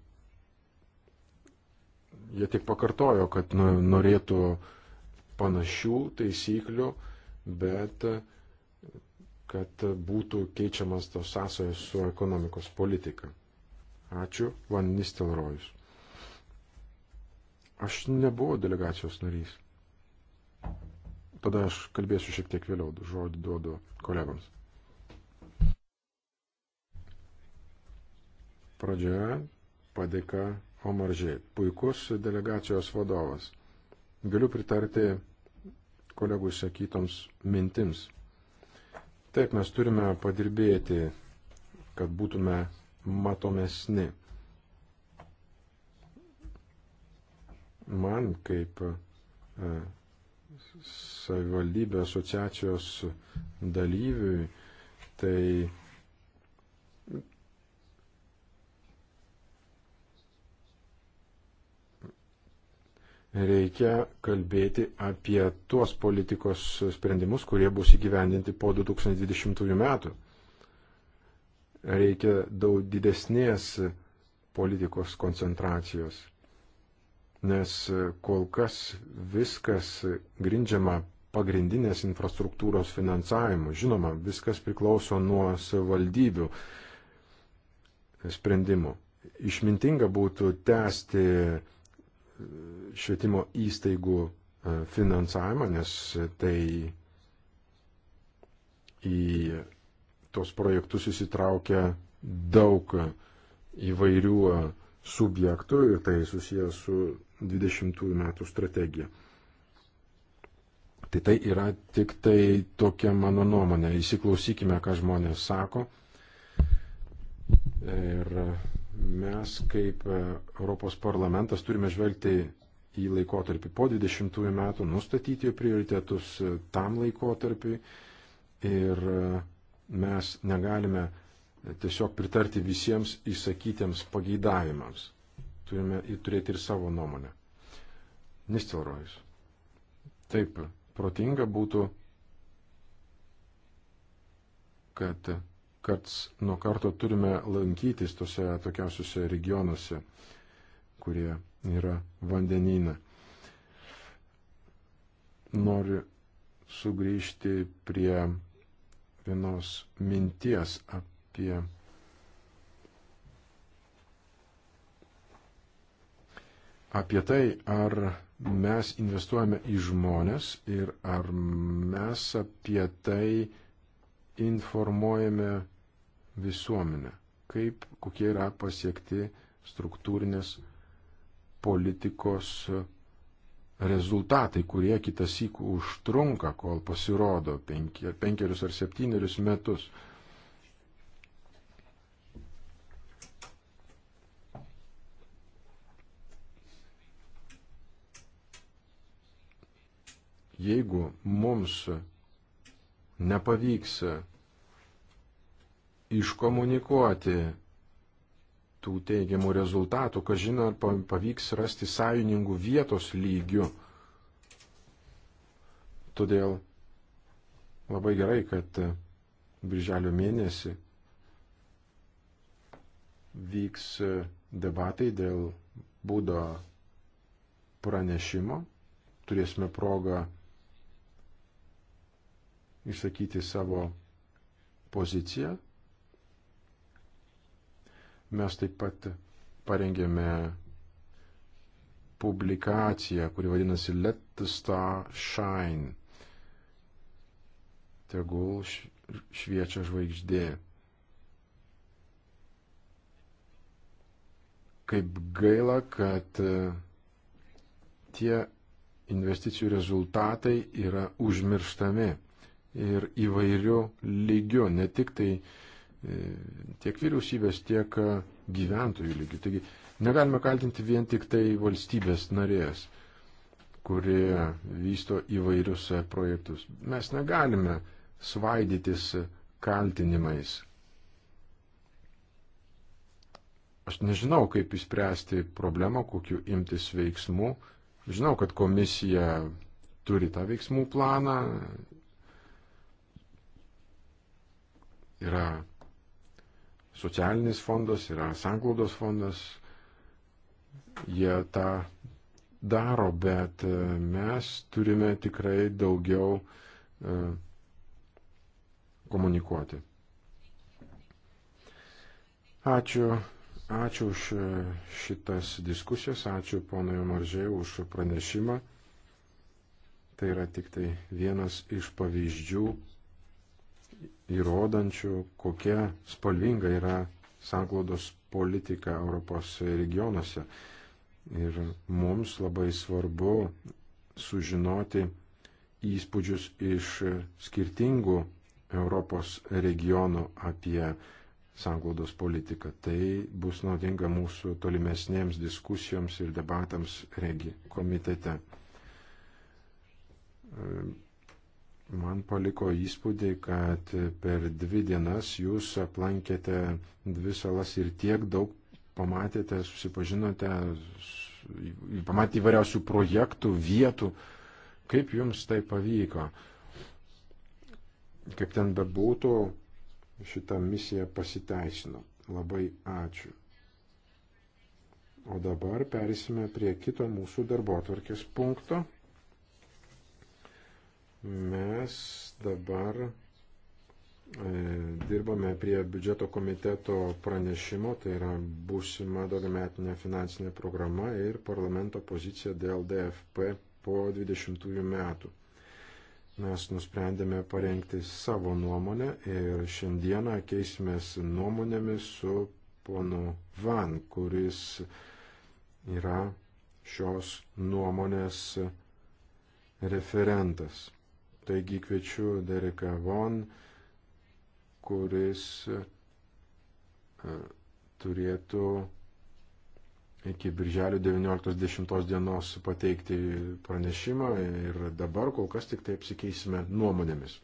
Jie tik pakartojo, kad norėtų panašių taisyklių, bet uh, kad būtų keičiamas tos sąsojos su ekonomikos politika. Ačiū, Van Nistelrojus. Aš nebuvau delegacijos narys. Tada aš kalbėsiu šiek tiek vėliau, žodį duodu kolegoms. Pradžioje padėka Omaržiai, puikus delegacijos vadovas. Galiu pritarti kolegų išsakytoms mintims Taip, mes turime padirbėti, kad būtume matomesni. Man kaip e, savivaldybė asociacijos dalyviui, tai reikia kalbėti apie tuos politikos sprendimus, kurie bus įgyvendinti po 2020 metų. Reikia daug didesnės politikos koncentracijos, nes kol kas viskas grindžiama pagrindinės infrastruktūros finansavimu. Žinoma, viskas priklauso nuo savivaldybių sprendimų. Išmintinga būtų tęsti švietimo įstaigų e, finansavimą, nes tai į tos projektus įsitraukia daug įvairių e, subjektų ir tai susijęs su 20 metų strategija. Tai tai yra tik tai tokia mano nuomonė. Įsiklausykime, ką žmonės sako. Ir Mes kaip e, Europos parlamentas turime žvelgti į laikotarpį po 20 metų, nustatyti prioritetus e, tam laikotarpiui ir e, mes negalime tiesiog pritarti visiems įsakytiems pageidavimams. Turime turėti ir savo nuomonę. Nistelrojus. Taip, protinga būtų, kad kad nuo karto turime lankytis tose tokiausiuose regionuose, kurie yra vandenyna. Noriu sugrįžti prie vienos minties apie apie tai, ar mes investuojame į žmonės ir ar mes apie tai informuojame visuomenę, kaip, kokie yra pasiekti struktūrinės politikos rezultatai, kurie kitas įk užtrunka, kol pasirodo penki, penkerius ar septynerius metus. Jeigu mums nepavyks iškomunikuoti tų teigiamų rezultatų, kad žinai, ar pavyks rasti sąjungų vietos lygių. Todėl labai gerai, kad birželio mėnesį vyks debatai dėl būdo pranešimo. Turėsime progą išsakyti savo poziciją Mes taip pat parengėme publikaciją, kuri vadinasi Let the Star Shine. Tegul šviečia žvaigždė. Kaip gaila, kad e, tie investicijų rezultatai yra užmirštami ir įvairių lygių, ne tik tai uh, E, tiek vyriausybės, tiek e, gyventojų lygių. Taigi negalime kaltinti vien tik tai valstybės narės, kuri vysto įvairius e, projektus. Mes negalime svaidytis kaltinimais. Aš nežinau, kaip įspręsti problemą, kokiu imtis veiksmų. Žinau, kad komisija turi tą veiksmų planą. Yra socialinis fondas, yra sanglaudos fondas. Jie tą daro, bet e, mes turime tikrai daugiau e, komunikuoti. Ačiū, ačiū už e, šitas diskusijas, ačiū ponui Maržiai už pranešimą. Tai yra tik tai vienas iš pavyzdžių, įrodančių, kokia spalvinga yra sanglaudos politika Europos regionuose. Ir mums labai svarbu sužinoti įspūdžius iš skirtingų Europos regionų apie sanglaudos politiką. Tai bus naudinga mūsų tolimesnėms diskusijoms ir debatams regi komitete Man paliko įspūdį, kad per dvi dienas jūs aplankėte dvi salas ir tiek daug pamatėte, susipažinote, pamatėte įvairiausių projektų, vietų. Kaip jums tai pavyko? Kaip ten bebūtų, šitą misiją pasiteisino. Labai ačiū. O dabar perėsime prie kito mūsų darbo atvarkės punkto. Mes dabar e, dirbame prie biudžeto komiteto pranešimo, tai yra būsima daugiametinė finansinė programa ir parlamento pozicija dėl DFP po 20 metų mes nusprendėme parengti savo nuomonę ir šiandieną keisimės nuomonėmis su ponu Van, kuris yra šios nuomonės referentas. Taigi kviečiu Dereką Von, kuris e, turėtų iki birželio 19.10 dienos pateikti pranešimą ir dabar kol kas tik tai apsikeisime nuomonėmis.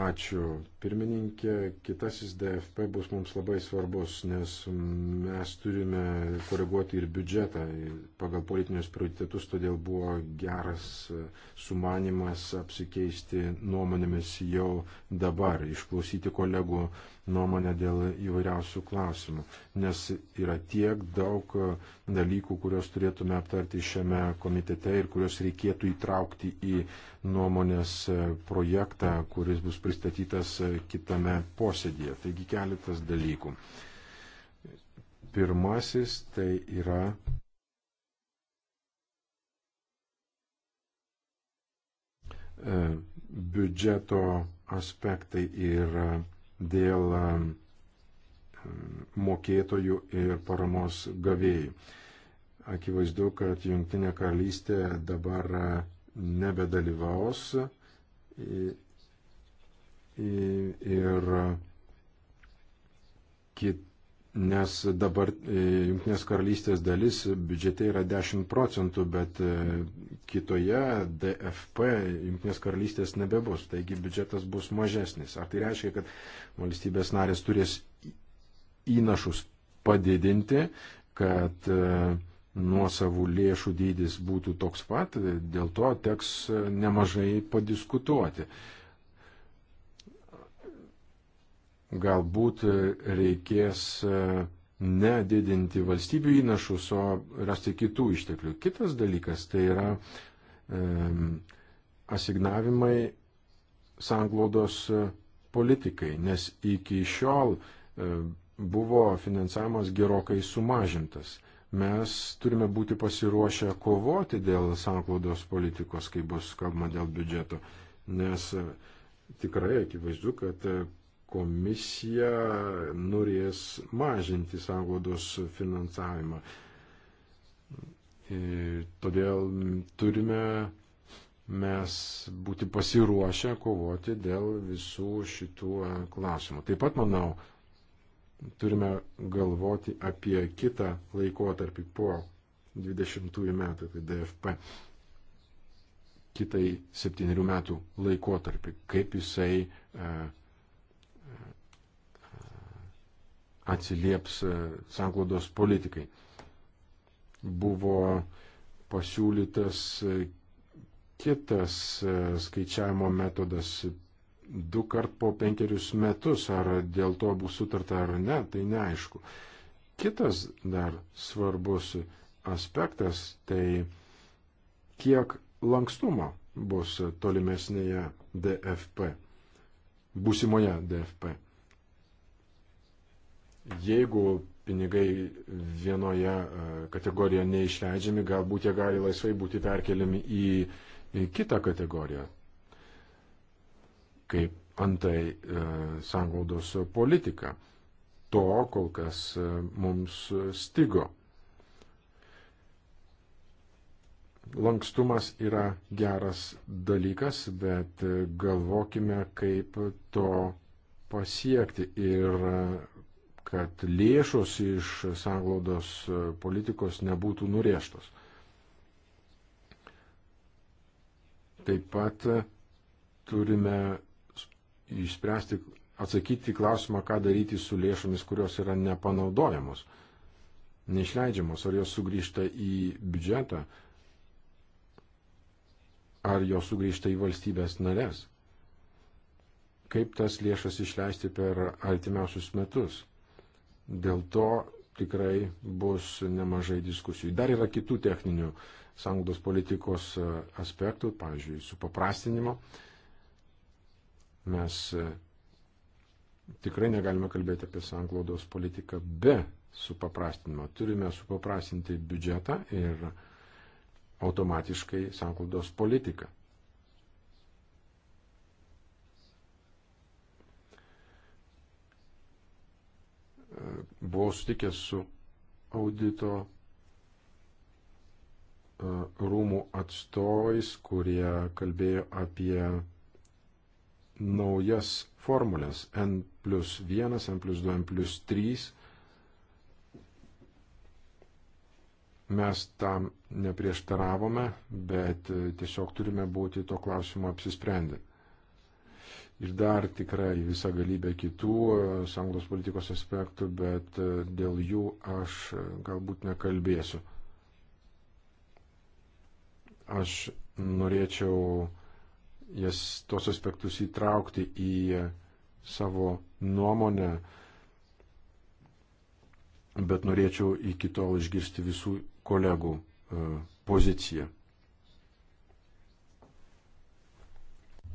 Ačiū. Pirmininkė, kitasis DFP bus mums labai svarbus, nes mes turime koreguoti ir biudžetą pagal politinius prioritetus, todėl buvo geras sumanimas apsikeisti nuomonėmis jau dabar, išklausyti kolegų nuomonę dėl įvairiausių klausimų, nes yra tiek daug e, dalykų, kuriuos turėtume aptarti šiame komitete ir kuriuos reikėtų įtraukti į nuomonės e, projektą, kuris bus pristatytas e, kitame posėdėje. Taigi keletas dalykų. Pirmasis tai yra biudžeto aspektai ir dėl e, mokėtojų ir paramos gavėjų. Akivaizdu, kad Junktinė karalystė dabar e, nebedalyvaus e, ir kit, nes dabar e, Junktinės karalystės dalis biudžete yra 10 procentų, bet e, kitoje DFP Junktinės karalystės nebebus, taigi biudžetas bus mažesnis. Ar tai reiškia, kad valstybės narės turės įnašus padidinti, kad e, nuo savų lėšų dydis būtų toks pat, dėl to teks nemažai padiskutuoti. galbūt reikės e, nedidinti valstybių įnašus, o rasti kitų išteklių. Kitas dalykas tai yra e, asignavimai sanglaudos e, politikai, nes iki šiol buvo finansavimas gerokai sumažintas. Mes turime būti pasiruošę kovoti dėl sanglaudos politikos, kai bus kalbama dėl biudžeto, nes tikrai akivaizdu, kad komisija norės mažinti sąnaudos finansavimą. Ir todėl turime mes būti pasiruošę kovoti dėl visų šitų e, klausimų. Taip pat, manau, turime galvoti apie kitą laikotarpį po 20 metų, tai DFP, kitai 7 metų laikotarpį, kaip jisai e, atsilieps e, sanklaudos politikai. Buvo pasiūlytas e, kitas e, skaičiavimo metodas du kart po penkerius metus, ar dėl to bus sutarta ar ne, tai neaišku. Kitas dar svarbus aspektas - tai kiek lankstumo bus tolimesnėje DFP, būsimoje DFP. Jeigu pinigai vienoje e, kategorijoje neišleidžiami, galbūt jie gali laisvai būti perkeliami į, į kitą kategoriją, kaip antai e, sanglaudos politika. To kol kas e, mums stigo. Lankstumas yra geras dalykas, bet galvokime, kaip to pasiekti ir e, kad lėšos iš sanglaudos politikos nebūtų nurieštos. Taip pat turime išspręsti, atsakyti klausimą, ką daryti su lėšomis, kurios yra nepanaudojamos, neišleidžiamos, ar jos sugrįžta į biudžetą, ar jos sugrįžta į valstybės narės. Kaip tas lėšas išleisti per artimiausius metus? Dėl to tikrai bus nemažai diskusijų. Dar yra kitų techninių sąnaudos politikos e, aspektų, pavyzdžiui, supaprastinimo. Mes e, tikrai negalime kalbėti apie sąnaudos politiką be supaprastinimo. Turime supaprastinti biudžetą ir automatiškai sąnaudos politiką. buvau sutikęs su audito e, rūmų atstovais, kurie kalbėjo apie naujas formulės N plus 1, N plus 2, N plus 3. Mes tam neprieštaravome, bet e, tiesiog turime būti to klausimo apsisprendę ir dar tikrai visą galybę kitų e, sąjungos politikos aspektų, bet e, dėl jų aš e, galbūt nekalbėsiu. Aš norėčiau jas tos aspektus įtraukti į savo nuomonę, bet norėčiau iki tol išgirsti visų kolegų poziciją.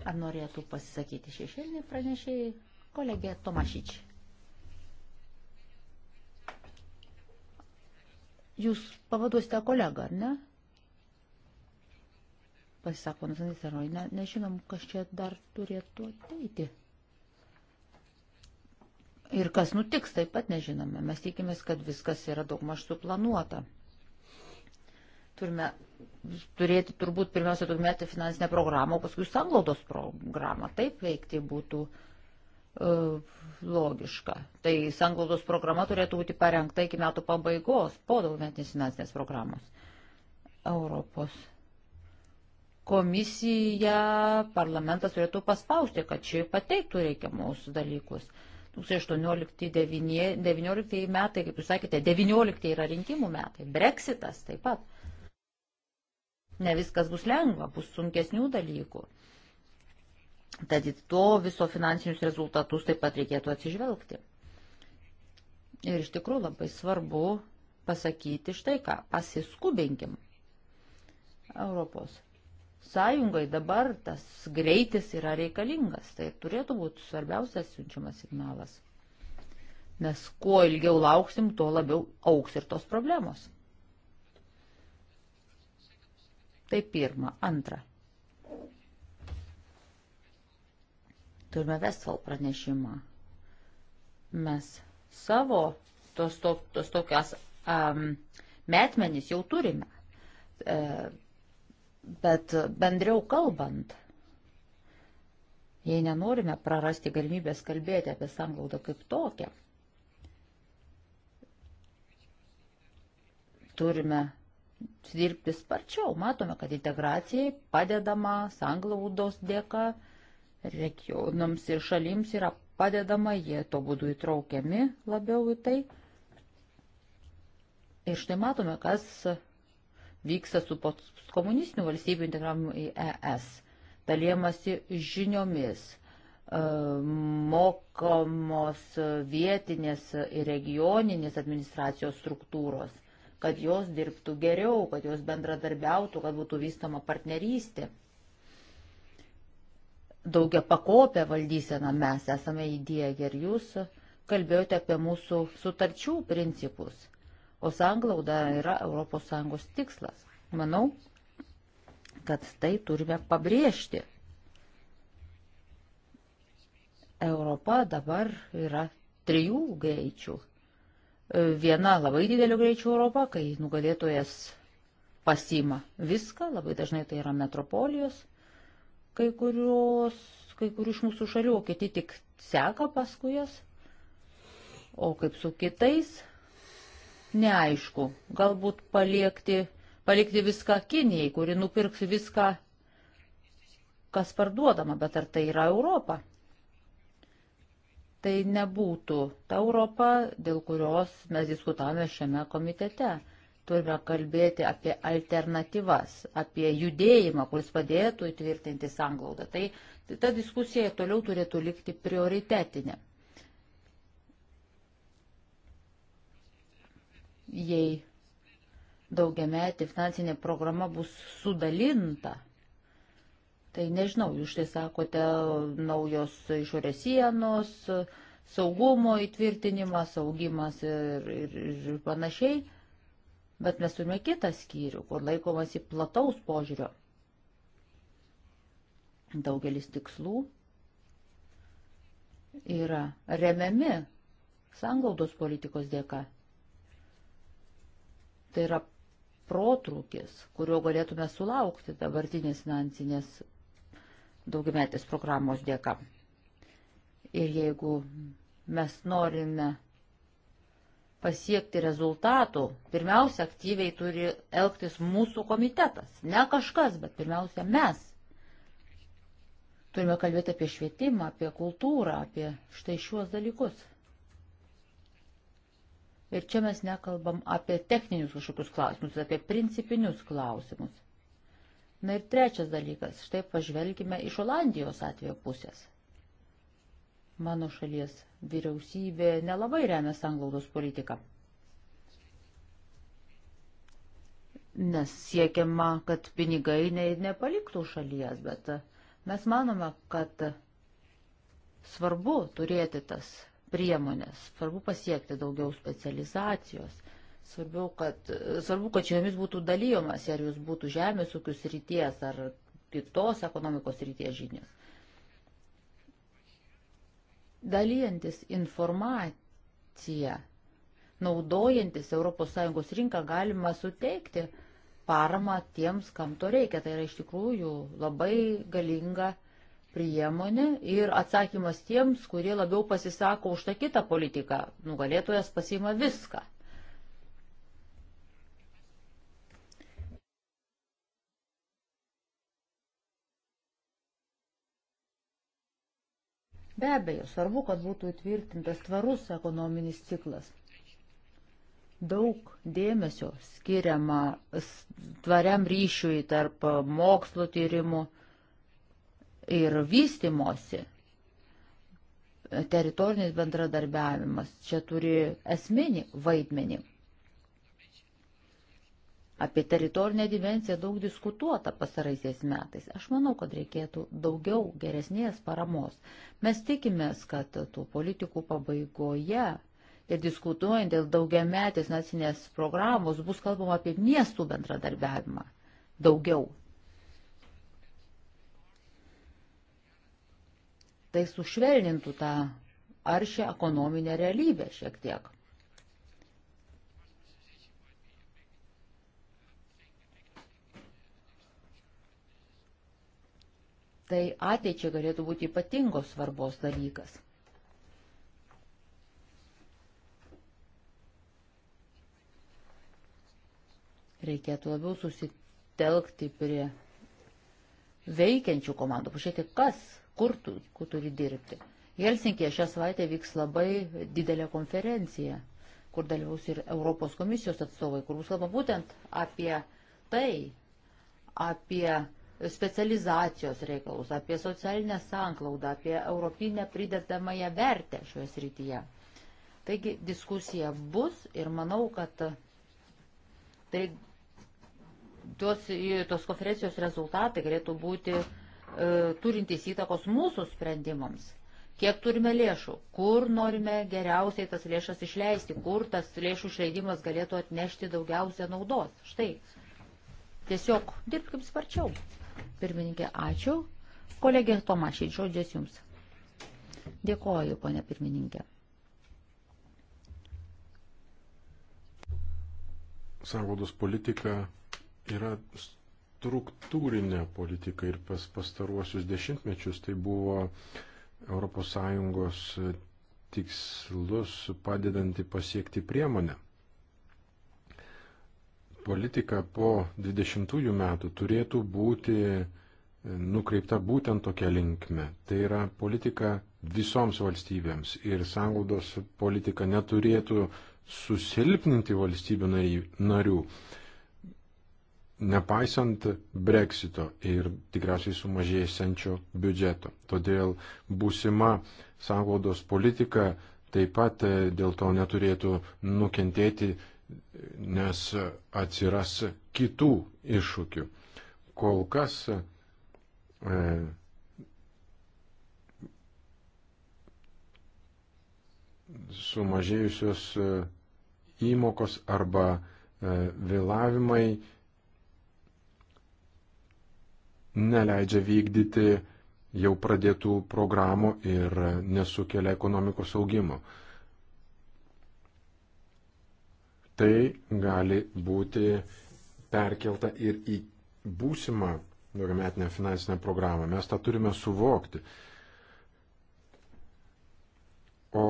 Ar norėtų pasisakyti šešėlinį pranešėjai kolegė Tomašič? Jūs pavaduosite kolegą, ar ne? Pasisako ponas Aniseroj, ne, nežinom, kas čia dar turėtų ateiti. Ir kas nutiks, taip pat nežinome. Mes tikimės, kad viskas yra daugmaž suplanuota. Turime turėti turbūt pirmiausia tuometę finansinę programą, o paskui sanglaudos programą. Taip veikti būtų uh, logiška. Tai sanglaudos programa turėtų būti parengta iki metų pabaigos po daugmetinės finansinės programos. Europos komisija, parlamentas turėtų paspausti, kad ši pateiktų reikiamus dalykus. 2018-2019 metai, kaip jūs sakėte, 19 yra rinkimų metai, Brexitas taip pat. Ne viskas bus lengva, bus sunkesnių dalykų. Tad į to viso finansinius rezultatus taip pat reikėtų atsižvelgti. Ir iš tikrųjų labai svarbu pasakyti štai ką, pasiskubinkim. Europos sąjungai dabar tas greitis yra reikalingas, tai turėtų būti svarbiausias siunčiamas signalas. Nes kuo ilgiau lauksim, tuo labiau auks ir tos problemos. Tai pirma. Antra. Turime Vestfal pranešimą. Mes savo tos, to, tos tokias um, metmenys jau turime. E, bet bendriau kalbant, jei nenorime prarasti galimybės kalbėti apie sanglaudą kaip tokią, turime dirbti sparčiau. Matome, kad integracijai padedama sanglaudos dėka, regionams ir šalims yra padedama, jie to būdu įtraukiami labiau į tai. Ir štai matome, kas vyksta su komunistinių valstybių integravimu į ES. Dalėmasi žiniomis, e, mokamos vietinės ir regioninės administracijos struktūros – kad jos dirbtų geriau, kad jos bendradarbiautų, kad būtų vystoma partnerystė. Daugia pakopę valdyseną mes esame įdėję ir jūs kalbėjote apie mūsų sutarčių principus, o sanglauda yra ES tikslas. Manau, kad tai turime pabrėžti. Europa dabar yra trijų greičių viena labai dideliu greičiu Europa, kai nugalėtojas pasima viską, labai dažnai tai yra metropolijos, kai, kurios, kai kurių iš mūsų šalių, o kiti tik seka paskui jas, o kaip su kitais, neaišku, galbūt paliekti, palikti viską Kinijai, kuri nupirks viską, kas parduodama, bet ar tai yra Europa? tai nebūtų ta Europa, dėl kurios mes diskutavome šiame komitete. Turime kalbėti apie alternatyvas, apie judėjimą, kuris padėtų įtvirtinti sanglaudą. Tai, tai ta diskusija toliau turėtų likti prioritetinė. Jei daugiametė finansinė programa bus sudalinta Tai nežinau, jūs tai sakote naujos išorės sienos, saugumo įtvirtinimas, augimas ir, ir, ir panašiai. Bet mes turime kitą skyrių, kur laikomasi plataus požiūrio. Daugelis tikslų yra remiami sangaudos politikos dėka. Tai yra protrūkis, kurio galėtume sulaukti dabartinės finansinės daugiametės programos dėka. Ir jeigu mes norime pasiekti rezultatų, pirmiausia, aktyviai turi elgtis mūsų komitetas. Ne kažkas, bet pirmiausia mes. Turime kalbėti apie švietimą, apie kultūrą, apie štai šiuos dalykus. Ir čia mes nekalbam apie techninius kažkokius klausimus, apie principinius klausimus. Na ir trečias dalykas, štai pažvelgime iš Olandijos atvejo pusės. Mano šalies vyriausybė nelabai remia sanglaudos politiką. Nes siekiama, kad pinigai ne, nepaliktų šalies, bet mes manome, kad svarbu turėti tas priemonės, svarbu pasiekti daugiau specializacijos Svarbiau, kad, svarbu, kad šiomis būtų dalyjomas, ar jūs būtų žemės ūkius ryties ar kitos ekonomikos ryties žinios. Dalyjantis informaciją, naudojantis ES rinką galima suteikti paramą tiems, kam to reikia. Tai yra iš tikrųjų labai galinga priemonė ir atsakymas tiems, kurie labiau pasisako už tą kitą politiką. Nugalėtojas pasima viską. Be abejo, svarbu, kad būtų įtvirtintas tvarus ekonominis ciklas. Daug dėmesio skiriama tvariam ryšiui tarp mokslo tyrimų ir vystimosi. Teritorinis bendradarbiavimas čia turi esminį vaidmenį. Apie teritorinę dimenciją daug diskutuota pasaraisiais metais. Aš manau, kad reikėtų daugiau geresnės paramos. Mes tikimės, kad tų politikų pabaigoje ir diskutuojant dėl daugiametės nacinės programos bus kalbama apie miestų bendradarbiavimą daugiau. Tai sušvelnintų tą aršią ekonominę realybę šiek tiek. Tai ateičiai galėtų būti ypatingos svarbos dalykas. Reikėtų labiau susitelkti prie veikiančių komandų, pažiūrėti, kas, kur, tu, kur turi dirbti. Helsinkėje šią savaitę vyks labai didelė konferencija, kur dalyvaus ir Europos komisijos atstovai, kur bus kalbama būtent apie tai, apie specializacijos reikalus, apie socialinę sanklaudą, apie europinę pridedamąją vertę šioje srityje. Taigi diskusija bus ir manau, kad tai tos, tos konferencijos rezultatai galėtų būti e, turintys įtakos mūsų sprendimams. Kiek turime lėšų, kur norime geriausiai tas lėšas išleisti, kur tas lėšų išleidimas galėtų atnešti daugiausia naudos. Štai. Tiesiog dirbkim sparčiau. Pirmininkė, ačiū. Kolegė Tomašiai, žodžias jums. Dėkoju, ponė pirmininkė. Sąvados politika yra struktūrinė politika ir pas pastaruosius dešimtmečius tai buvo ES tikslus padedanti pasiekti priemonę politika po 20 metų turėtų būti e, nukreipta būtent tokia linkme. Tai yra politika visoms valstybėms ir sąnaudos politika neturėtų susilpninti valstybių narių, nepaisant breksito ir tikriausiai sumažėsiančio biudžeto. Todėl būsima sąnaudos politika taip pat e, dėl to neturėtų nukentėti nes atsiras kitų iššūkių. Kol kas e, sumažėjusios e, įmokos arba e, vėlavimai neleidžia vykdyti jau pradėtų programų ir nesukelia ekonomikos augimo. tai gali būti perkelta ir į būsimą daugiametinę finansinę programą. Mes tą turime suvokti. O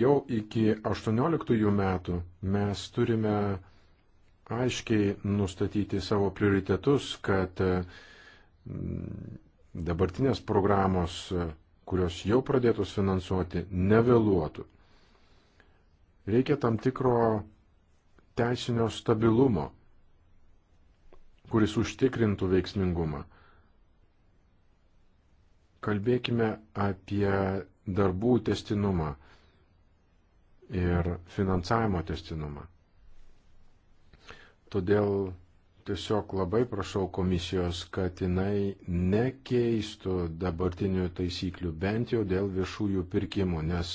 jau iki 18 metų mes turime aiškiai nustatyti savo prioritetus, kad mm, dabartinės programos, kurios jau pradėtos finansuoti, nevėluotų. Reikia tam tikro teisinio stabilumo, kuris užtikrintų veiksmingumą. Kalbėkime apie darbų testinumą ir finansavimo testinumą. Todėl tiesiog labai prašau komisijos, kad jinai nekeistų dabartinių taisyklių, bent jau dėl viešųjų pirkimų, nes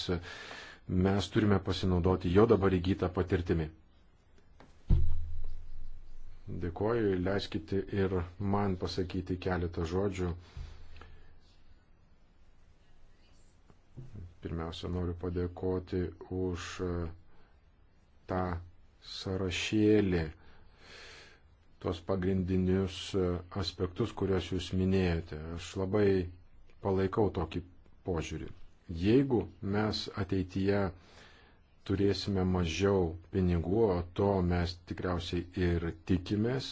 mes turime pasinaudoti jo dabar įgytą patirtimį. Dėkoju, leiskite ir man pasakyti keletą žodžių. Pirmiausia, noriu padėkoti už e, tą sąrašėlį, tos pagrindinius e, aspektus, kuriuos jūs minėjote. Aš labai palaikau tokį požiūrį. Jeigu mes ateityje turėsime mažiau pinigų, o to mes tikriausiai ir tikimės,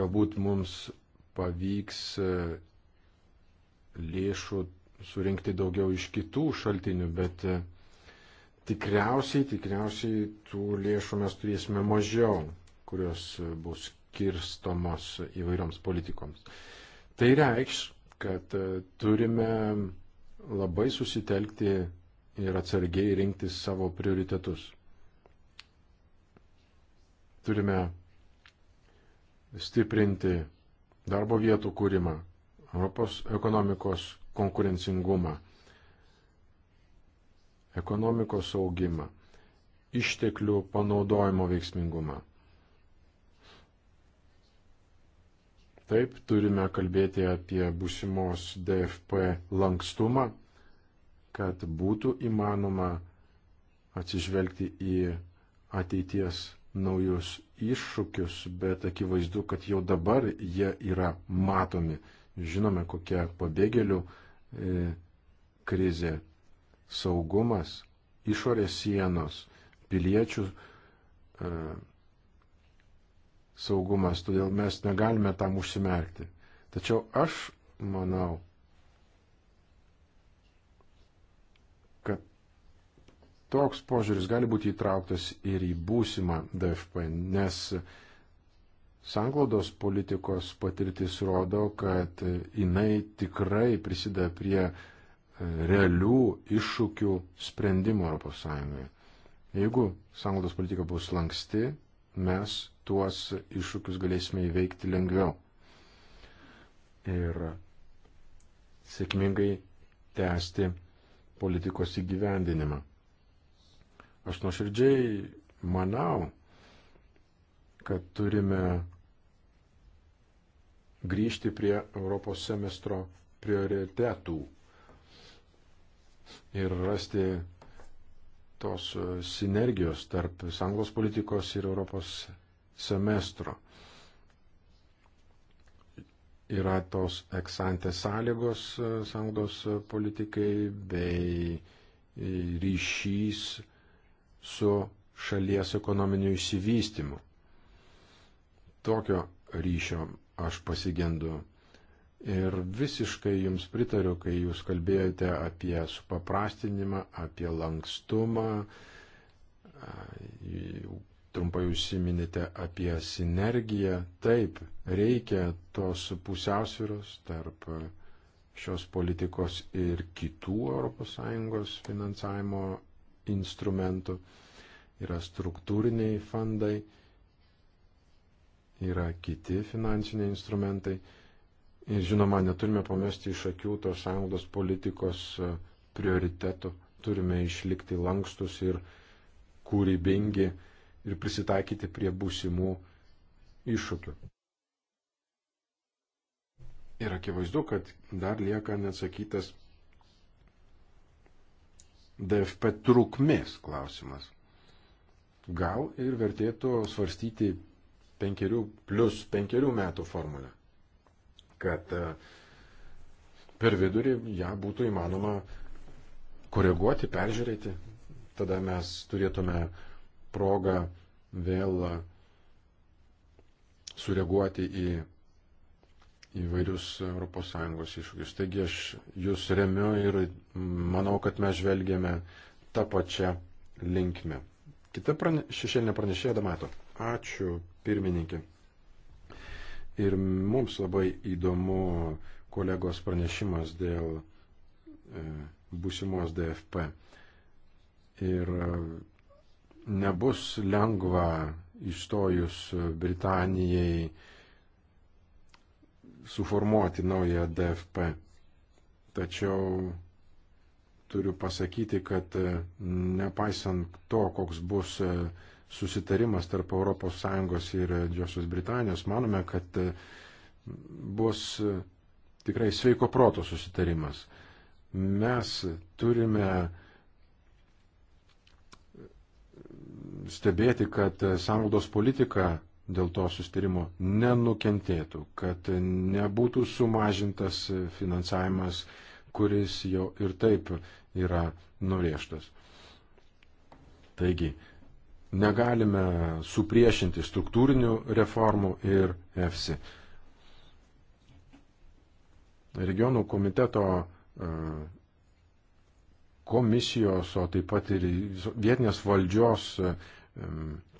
galbūt mums pavyks e, lėšų surinkti daugiau iš kitų šaltinių, bet e, tikriausiai, tikriausiai tų lėšų mes turėsime mažiau, kurios e, bus kirstomos įvairioms politikoms. Tai reikš, kad turime labai susitelkti ir atsargiai rinktis savo prioritetus. Turime stiprinti darbo vietų kūrimą, Europos ekonomikos konkurencingumą, ekonomikos augimą, išteklių panaudojimo veiksmingumą. Taip, turime kalbėti apie būsimos DFP lankstumą, kad būtų įmanoma atsižvelgti į ateities naujus iššūkius, bet akivaizdu, kad jau dabar jie yra matomi. Žinome, kokia pabėgėlių e, krizė, saugumas, išorės sienos, piliečių e, saugumas, todėl mes negalime tam užsimerkti. Tačiau aš manau, kad toks požiūris gali būti įtrauktas ir į būsimą DFP, nes sanglaudos politikos patirtis rodo, kad jinai tikrai prisideda prie e, realių iššūkių sprendimo ES. Jeigu sanglaudos politika bus lanksti, mes tuos iššūkius galėsime įveikti lengviau. Ir sėkmingai tęsti politikos įgyvendinimą. Aš nuoširdžiai manau, kad turime grįžti prie Europos semestro prioritetų ir rasti tos sinergijos tarp sanglos politikos ir Europos semestro. Yra tos eksantės sąlygos e, sąnaudos politikai bei e, ryšys su šalies ekonominiu išsivystimu. Tokio ryšio aš pasigendu Ir visiškai jums pritariu, kai jūs kalbėjote apie supaprastinimą, apie lankstumą, trumpai užsiminėte apie sinergiją. Taip, reikia tos pusiausviros tarp šios politikos ir kitų ES finansavimo instrumentų. Yra struktūriniai fondai, yra kiti finansiniai instrumentai. Ir žinoma, neturime pamesti iš akių tos sąnaudos politikos e, prioritetų. Turime išlikti lankstus ir kūrybingi ir prisitaikyti prie būsimų iššūkių. Ir akivaizdu, kad dar lieka neatsakytas DFP trukmės klausimas. Gal ir vertėtų svarstyti penkerių plus penkerių metų formulę, kad e, per vidurį ją būtų įmanoma koreguoti, peržiūrėti. Tada mes turėtume uh, progą vėl sureaguoti į įvairius ES iššūkius. Taigi aš jūs remiu ir manau, kad mes žvelgėme tą pačią linkmę. Kita prane, šešėlinė pranešėja Damato. Ačiū, pirmininkė. Ir mums labai įdomu kolegos pranešimas dėl e, būsimos DFP. Ir nebus lengva įstojus Britanijai suformuoti naują DFP. Tačiau turiu pasakyti, kad e, nepaisant to, koks bus e, susitarimas tarp ES ir Didžiosios Britanijos, manome, kad e, bus tikrai sveiko proto susitarimas. Mes turime stebėti, kad sąnaudos politika dėl to sustarimo nenukentėtų, kad nebūtų sumažintas finansavimas, kuris jau ir taip yra nurėžtas. Taigi, negalime supriešinti struktūrinių reformų ir EFSI. Regionų komiteto e, komisijos, o taip pat ir vietinės valdžios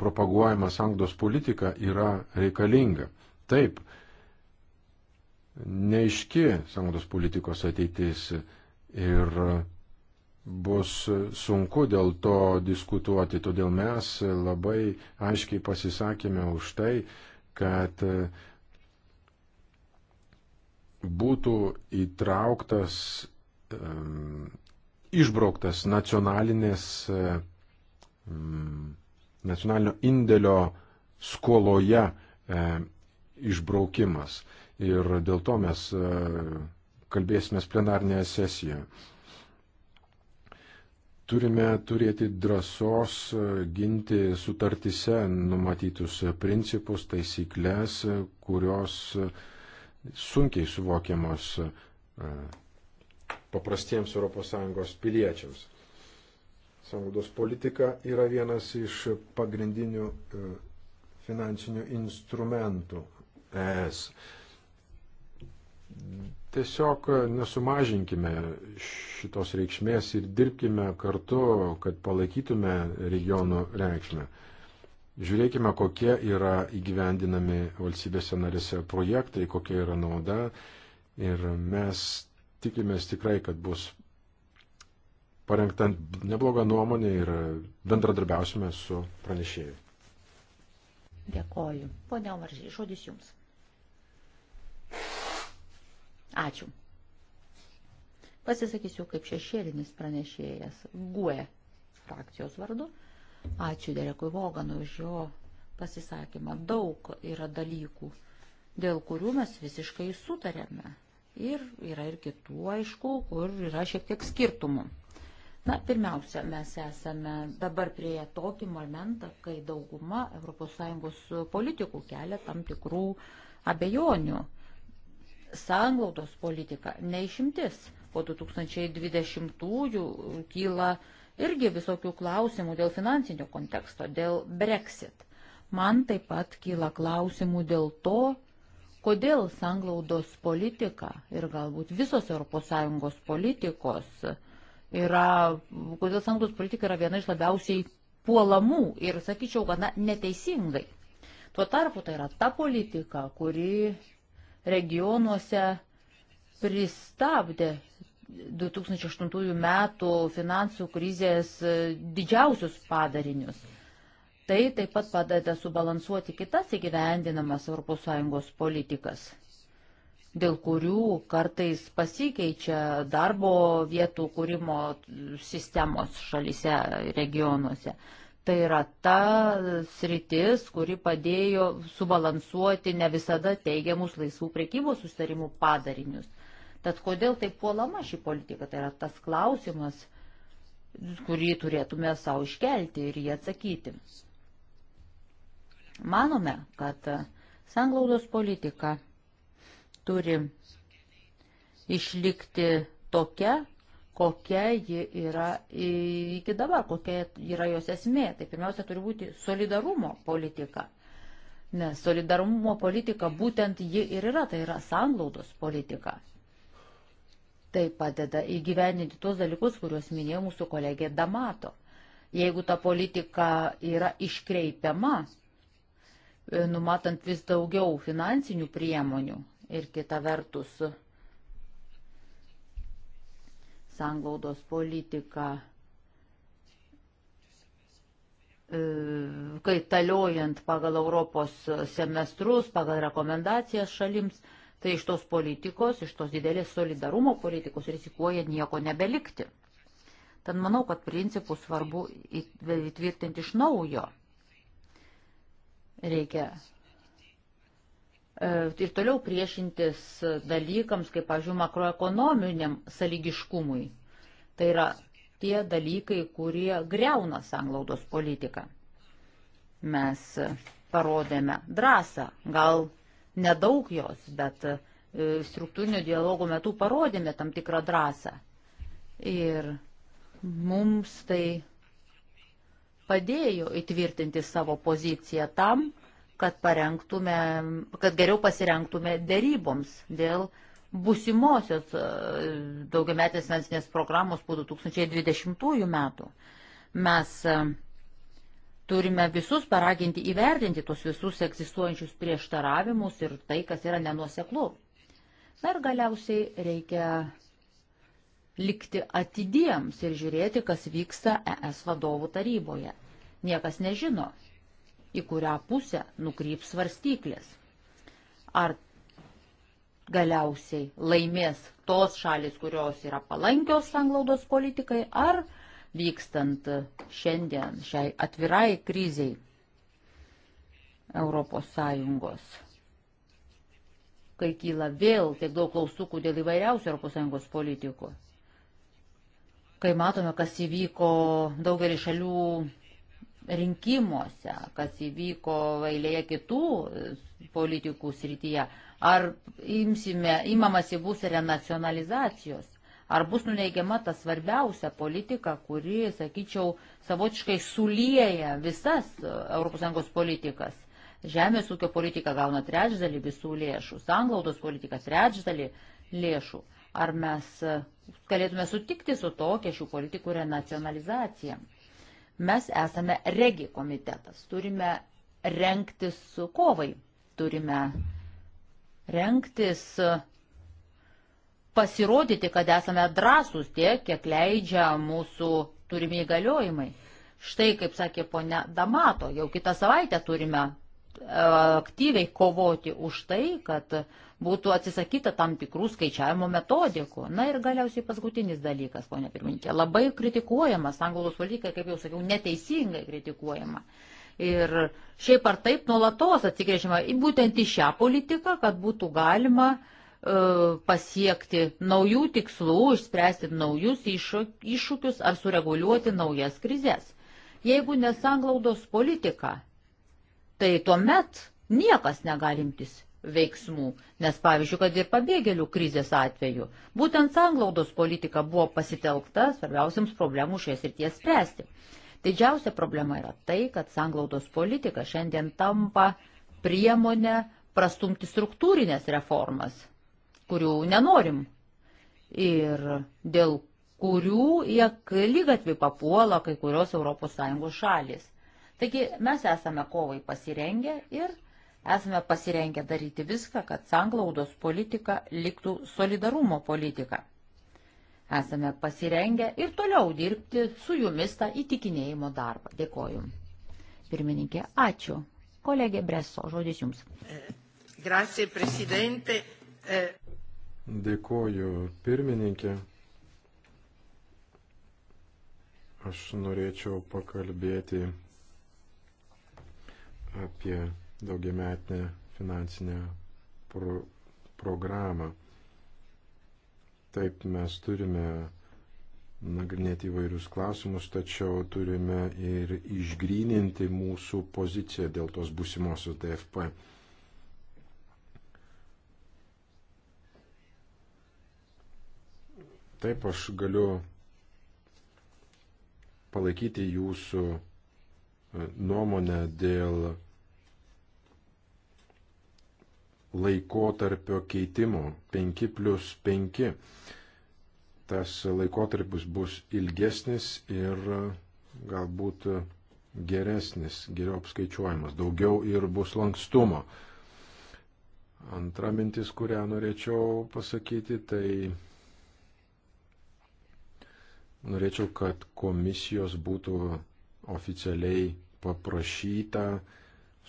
propaguojama sangdos politika yra reikalinga. Taip, neiški sangdos politikos ateitis ir bus sunku dėl to diskutuoti, todėl mes labai aiškiai pasisakėme už tai, kad būtų įtrauktas um, išbrauktas nacionalinės, e, nacionalinio indėlio skoloje e, išbraukimas. Ir dėl to mes e, kalbėsime plenarnėje sesijoje. Turime turėti drąsos ginti sutartise numatytus principus, taisyklės, kurios sunkiai suvokiamos paprastiems ES piliečiams. Sanglaudos politika yra vienas iš pagrindinių e, finansinių instrumentų ES. Tiesiog nesumažinkime šitos reikšmės ir dirbkime kartu, kad palaikytume regionų reikšmę. Žiūrėkime, kokie yra įgyvendinami valstybėse narėse projektai, kokia yra nauda ir mes tikimės tikrai, kad bus parengta nebloga nuomonė ir bendradarbiausime su pranešėju. Dėkoju. Pone Omaržiai, žodis Jums. Ačiū. Pasisakysiu kaip šešėlinis pranešėjas GUE frakcijos vardu. Ačiū Derekui Voganui už jo pasisakymą. Daug yra dalykų, dėl kurių mes visiškai sutarėme. Ir yra ir kitų, aišku, kur yra šiek tiek skirtumų. Na, pirmiausia, mes esame dabar prie tokį momentą, kai dauguma ES politikų kelia tam tikrų abejonių. Sanglaudos politika neišimtis. Po 2020-ųjų kyla irgi visokių klausimų dėl finansinio konteksto, dėl Brexit. Man taip pat kyla klausimų dėl to, Kodėl sanglaudos politika ir galbūt visos ES politikos yra, kodėl sanglaudos politika yra viena iš labiausiai puolamų ir, sakyčiau, gana neteisingai. Tuo tarpu tai yra ta politika, kuri regionuose pristabdė 2008 metų finansų krizės didžiausius padarinius. Tai taip pat padeda subalansuoti kitas įgyvendinamas ES politikas, dėl kurių kartais pasikeičia darbo vietų kūrimo sistemos šalise, regionuose. Tai yra ta sritis, kuri padėjo subalansuoti ne visada teigiamus laisvų priekybos sustarimų padarinius. Tad kodėl taip puolama ši politika? Tai yra tas klausimas, kurį turėtume savo iškelti ir jį atsakyti. Manome, kad sanglaudos politika turi išlikti tokia, kokia ji yra iki dabar, kokia yra jos esmė. Tai pirmiausia turi būti solidarumo politika. Nes solidarumo politika būtent ji ir yra, tai yra sanglaudos politika. Tai padeda įgyveninti tuos dalykus, kuriuos minėjo mūsų kolegė Damato. Jeigu ta politika yra iškreipiama, E, numatant vis daugiau finansinių priemonių ir kita vertus sanglaudos politiką e, kaitaliojant pagal Europos semestrus, pagal rekomendacijas šalims, tai iš tos politikos, iš tos didelės solidarumo politikos rizikuoja nieko nebelikti. Tad manau, kad principų svarbu įtvirtinti iš naujo Reikia e, ir toliau priešintis dalykams, kaip, pavyzdžiui, makroekonominiam saligiškumui. Tai yra tie dalykai, kurie greuna sanglaudos politiką. Mes parodėme drąsą, gal nedaug jos, bet e, struktūrinio dialogo metu parodėme tam tikrą drąsą. Ir mums tai padėjo įtvirtinti savo poziciją tam, kad, kad geriau pasirengtume deryboms dėl busimosios e, daugiametės finansinės programos po 2020 metų. Mes e, turime visus paraginti įvertinti tos visus egzistuojančius prieštaravimus ir tai, kas yra nenuoseklu. Na ir galiausiai reikia likti atidiems ir žiūrėti, kas vyksta ES vadovų taryboje. Niekas nežino, į kurią pusę nukryps svarstyklės. Ar galiausiai laimės tos šalis, kurios yra palankios sanglaudos politikai, ar vykstant šiandien šiai atvirai kriziai Europos Sąjungos, kai kyla vėl tiek daug klaustukų dėl įvairiausių Europos Sąjungos politikų kai matome, kas įvyko daugelį šalių rinkimuose, kas įvyko eilėje kitų politikų srityje, ar imsime, imamasi bus renacionalizacijos, ar bus nuneigiama ta svarbiausia politika, kuri, sakyčiau, savotiškai sulieja visas ES politikas. Žemės ūkio politika gauna trečdalį visų lėšų, sanglaudos politika trečdalį lėšų. Ar mes e, galėtume sutikti su tokia šių politikų renacionalizacija? Mes esame regi komitetas, turime renktis kovai, turime renktis e, pasirodyti, kad esame drąsūs tiek, kiek leidžia mūsų turimi įgaliojimai. Štai, kaip sakė ponia Damato, jau kitą savaitę turime e, aktyviai kovoti už tai, kad uh, būtų atsisakyta tam tikrų skaičiavimo metodikų. Na ir galiausiai paskutinis dalykas, ponia pirmininkė, labai kritikuojamas anglos politika, kaip jau sakiau, neteisingai kritikuojama. Ir šiaip ar taip nuolatos atsigrėžima į būtent į šią politiką, kad būtų galima e, pasiekti naujų tikslų, išspręsti naujus iššūkius ar sureguliuoti naujas krizės. Jeigu nesanglaudos politika, tai tuomet niekas negalimtis veiksmų, nes pavyzdžiui, kad ir pabėgėlių krizės atveju, būtent sanglaudos politika buvo pasitelkta svarbiausiams problemų šies ir ties spręsti. Didžiausia problema yra tai, kad sanglaudos politika šiandien tampa priemonė prastumti struktūrinės reformas, kurių nenorim ir dėl kurių jie lygatvį papuola kai kurios ES šalis. Taigi mes esame kovai pasirengę ir Esame pasirengę daryti viską, kad sanglaudos politika liktų solidarumo politika. Esame pasirengę ir toliau dirbti su jumis tą įtikinėjimo darbą. Dėkoju. Pirmininkė, ačiū. Kolegė Breso, žodis jums. Grazie, prezidente. E- Dėkoju, pirmininkė. Aš norėčiau pakalbėti apie daugiametinę finansinę pro programą. Taip mes turime nagrinėti įvairius klausimus, tačiau turime ir išgryninti mūsų poziciją dėl tos būsimosios DFP. Taip aš galiu palaikyti jūsų e, nuomonę dėl laikotarpio keitimo 5 plus 5. Tas laikotarpis bus ilgesnis ir galbūt geresnis, geriau apskaičiuojamas, daugiau ir bus lankstumo. Antra mintis, kurią norėčiau pasakyti, tai norėčiau, kad komisijos būtų oficialiai paprašyta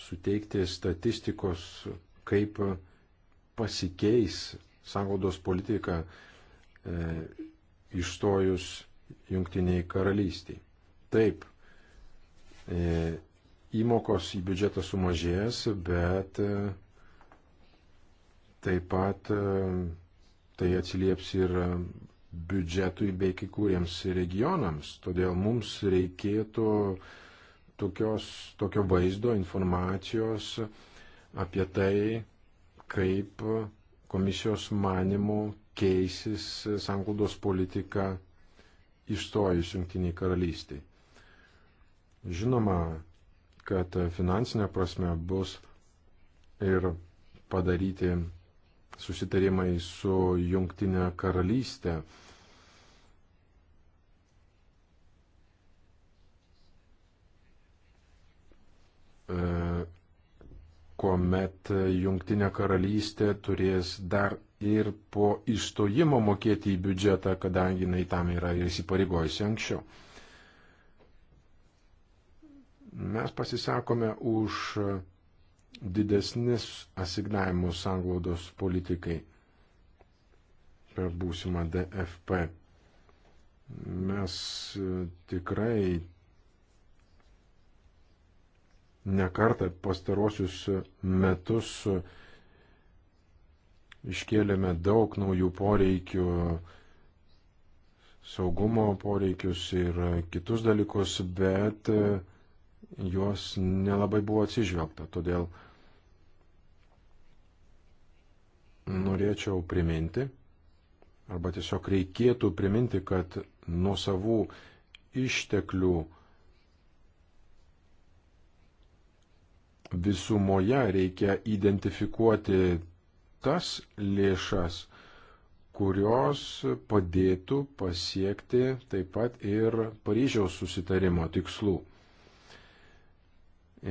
suteikti statistikos kaip pasikeis sąnaudos politika e, išstojus jungtiniai karalystiai. Taip, e, įmokos į biudžetą sumažės, bet e, taip pat e, tai atsilieps ir biudžetui bei kai kuriems regionams. Todėl mums reikėtų tokios, tokio vaizdo informacijos, e, apie tai, kaip komisijos manimų keisis sanglaudos politika išstojus Junktiniai karalystiai. Žinoma, kad finansinė prasme bus ir padaryti susitarimai su Junktinė karalystė. E, kuomet Junktinė karalystė turės dar ir po išstojimo mokėti į biudžetą, kadangi jinai tam yra įsipareigojusi anksčiau. Mes pasisakome už didesnis asignavimus sanglaudos politikai per būsimą DFP. Mes tikrai nekartą pastarosius metus iškėlėme daug naujų poreikių, saugumo poreikius ir kitus dalykus, bet juos nelabai buvo atsižvelgta. Todėl norėčiau priminti, arba tiesiog reikėtų priminti, kad nuo savų išteklių visumoje reikia identifikuoti tas lėšas, kurios padėtų pasiekti taip pat ir Paryžiaus susitarimo tikslų.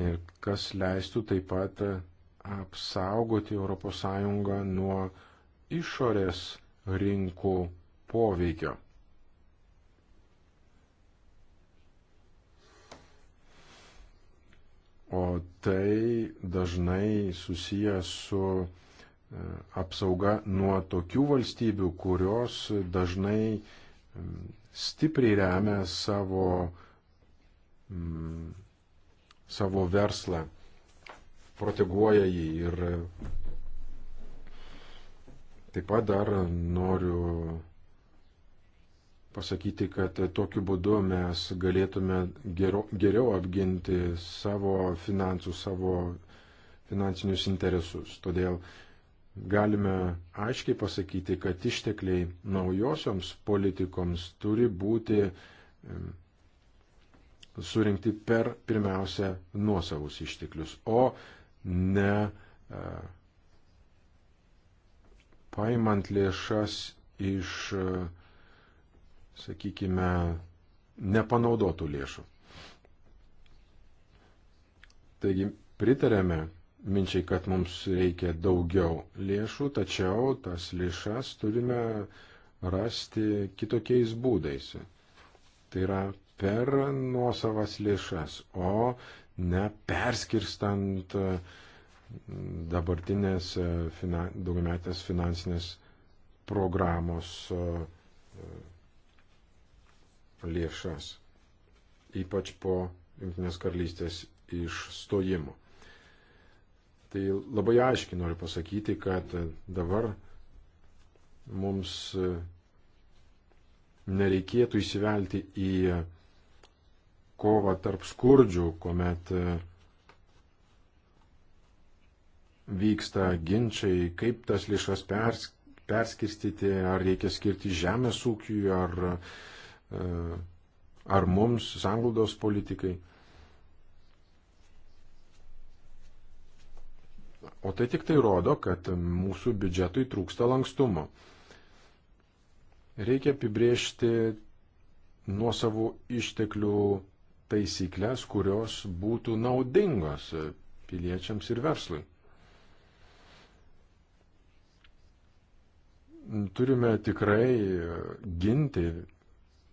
Ir kas leistų taip pat apsaugoti ES nuo išorės rinkų poveikio. o tai dažnai susijęs su e, apsauga nuo tokių valstybių, kurios dažnai stipriai remia savo, savo verslą, proteguoja jį ir e, taip pat dar noriu pasakyti, kad tokiu būdu mes galėtume geriau, geriau apginti savo finansus, savo finansinius interesus. Todėl galime aiškiai pasakyti, kad ištekliai naujosioms politikoms turi būti surinkti per pirmiausia nuosavus išteklius, o ne e, paimant lėšas iš uh, sakykime, nepanaudotų lėšų. Taigi pritarėme minčiai, kad mums reikia daugiau lėšų, tačiau tas lėšas turime rasti kitokiais būdais. Tai yra per nuosavas lėšas, o ne perskirstant e, dabartinės e, finan, daugiametės finansinės programos e, lėšas, ypač po Junktinės karalystės išstojimo. Tai labai aiškiai noriu pasakyti, kad dabar mums nereikėtų įsivelti į kovą tarp skurdžių, kuomet vyksta ginčiai, kaip tas lėšas pers, perskirstyti, ar reikia skirti žemės ūkiui, ar ar mums, sanglaudos politikai. O tai tik tai rodo, kad mūsų biudžetui trūksta lankstumo. Reikia apibriežti nuosavų išteklių taisyklės, kurios būtų naudingos piliečiams ir verslui. Turime tikrai ginti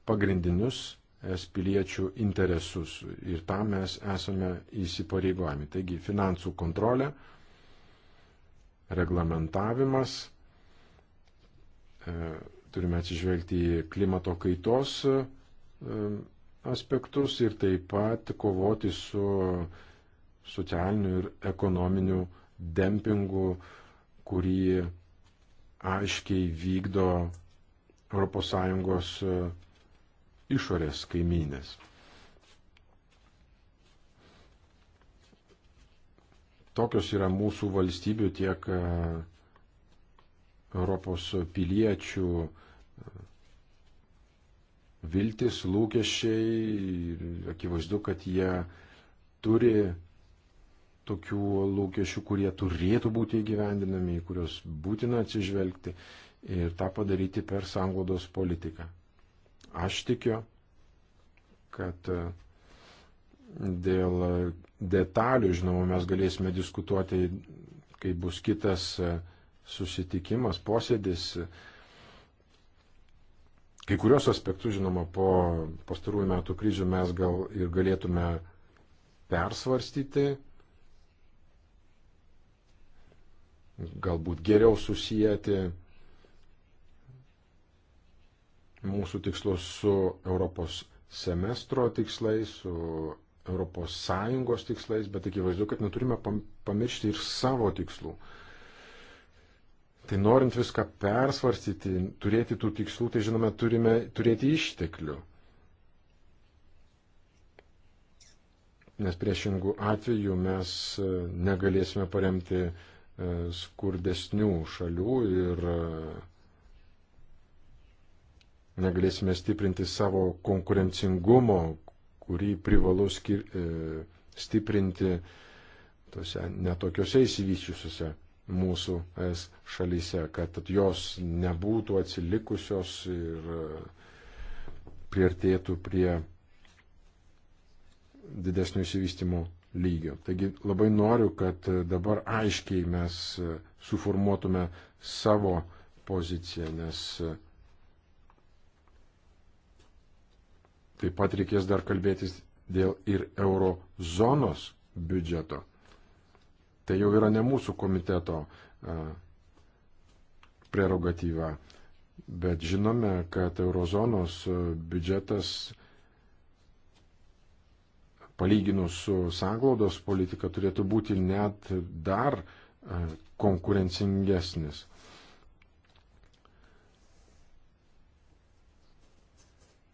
pagrindinius es piliečių interesus ir tam mes esame įsipareigojami. Taigi finansų kontrolė, reglamentavimas, e, turime atsižvelgti į klimato kaitos e, aspektus ir taip pat kovoti su socialiniu ir ekonominiu dempingu, kurį aiškiai vykdo ES išorės kaimynės. Tokios yra mūsų valstybių tiek e, Europos piliečių e, viltis, lūkesčiai. Akivaizdu, kad jie turi tokių lūkesčių, kurie turėtų būti įgyvendinami, į kuriuos būtina atsižvelgti ir tą padaryti per sanglodos politiką. Aš tikiu, kad e, dėl detalių, žinoma, mes galėsime diskutuoti, kai bus kitas e, susitikimas, posėdis. Kai kurios aspektus, žinoma, po pastarųjų metų kryžių mes gal ir galėtume persvarstyti, galbūt geriau susijęti mūsų tikslus su Europos semestro tikslais, su Europos Sąjungos tikslais, bet akivaizdu, kad neturime pamiršti ir savo tikslų. Tai norint viską persvarstyti, turėti tų tikslų, tai žinome, turime turėti išteklių. Nes priešingų atvejų mes e, negalėsime paremti e, skurdesnių šalių ir e, negalėsime stiprinti savo konkurencingumo, kurį privalu skir, e, stiprinti tose netokiose įsivyščiusiuose mūsų es šalyse, kad jos nebūtų atsilikusios ir e, priartėtų prie didesnio įsivystimo lygio. Taigi labai noriu, kad dabar aiškiai mes e, suformuotume savo poziciją, nes e, Taip pat reikės dar kalbėtis dėl ir euro zonos biudžeto. Tai jau yra ne mūsų komiteto e, prerogatyva, bet žinome, kad eurozonos e, biudžetas palyginus su sanglaudos politika turėtų būti net dar e, konkurencingesnis.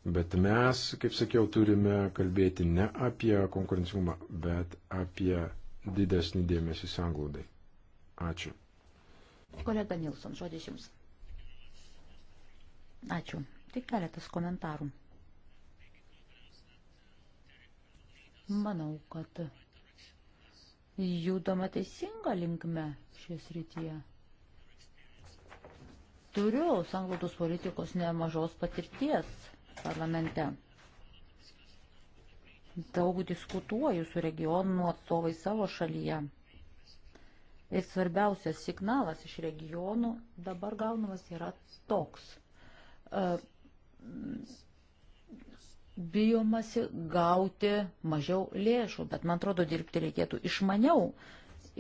Bet mes, kaip sakiau, turime kalbėti ne apie konkurencingumą, bet apie didesnį dėmesį sanglaudai. Ačiū. Kolega Nilson, žodis Jums. Ačiū. Tik keletas komentarų. Manau, kad judama teisinga linkme šies rytyje. Turiu sanglaudos politikos nemažos patirties parlamente. Daug diskutuoju su regionų atstovai savo šalyje. Ir svarbiausias signalas iš regionų dabar gaunamas yra toks. E, bijomasi gauti mažiau lėšų, bet man atrodo dirbti reikėtų išmaniau.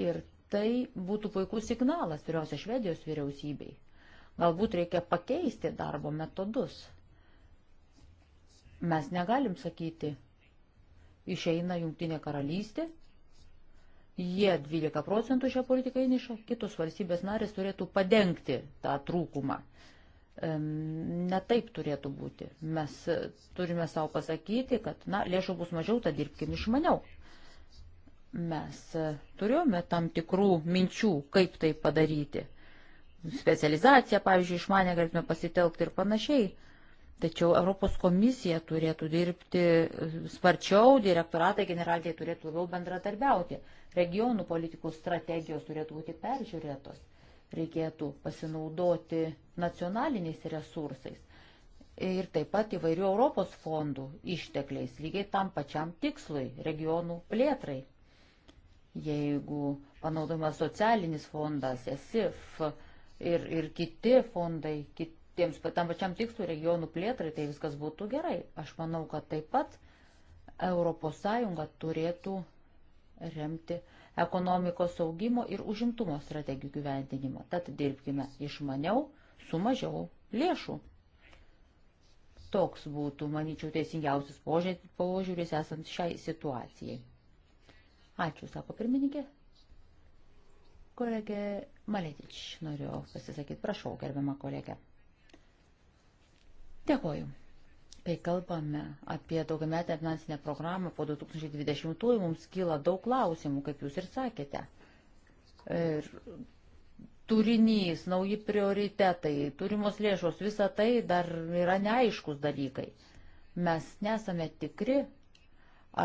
Ir tai būtų puikus signalas, pirmiausia, Švedijos vyriausybei. Galbūt reikia pakeisti darbo metodus. Mes negalim sakyti, išeina Jungtinė karalystė, jie 12 procentų šią politiką įneša, kitos valstybės narės turėtų padengti tą trūkumą. Netaip turėtų būti. Mes turime savo pasakyti, kad na, lėšų bus mažiau, tad dirbkim išmaniau. Mes e, turėjome tam tikrų minčių, kaip tai padaryti. Specializaciją, pavyzdžiui, išmanę galėtume pasitelkti ir panašiai. Tačiau Europos komisija turėtų dirbti e, sparčiau, direktoratai generaliai turėtų labiau bendradarbiauti, regionų politikų strategijos turėtų būti peržiūrėtos, reikėtų pasinaudoti nacionaliniais resursais ir taip pat įvairių Europos fondų ištekliais, lygiai tam pačiam tikslui - regionų plėtrai. Jeigu panaudojamas socialinis fondas, ESIF ir, ir kiti fondai, kit, tiems, tam pačiam tikslui regionų plėtrai, tai viskas būtų gerai. Aš manau, kad taip pat ES turėtų remti ekonomikos saugimo ir užimtumo strategijų gyvendinimo. Tad dirbkime išmaniau, su mažiau lėšų. Toks būtų, manyčiau, teisingiausias požiūris esant šiai situacijai. Ačiū, sako pirmininkė. Kolegė Maletič, noriu pasisakyti, prašau, gerbiamą kolegę. Dėkoju. Kai kalbame apie daugiametę finansinę programą po 2020-ųjų, mums kyla daug klausimų, kaip jūs ir sakėte. Ir turinys, nauji prioritetai, turimos lėšos, visa tai dar yra neaiškus dalykai. Mes nesame tikri,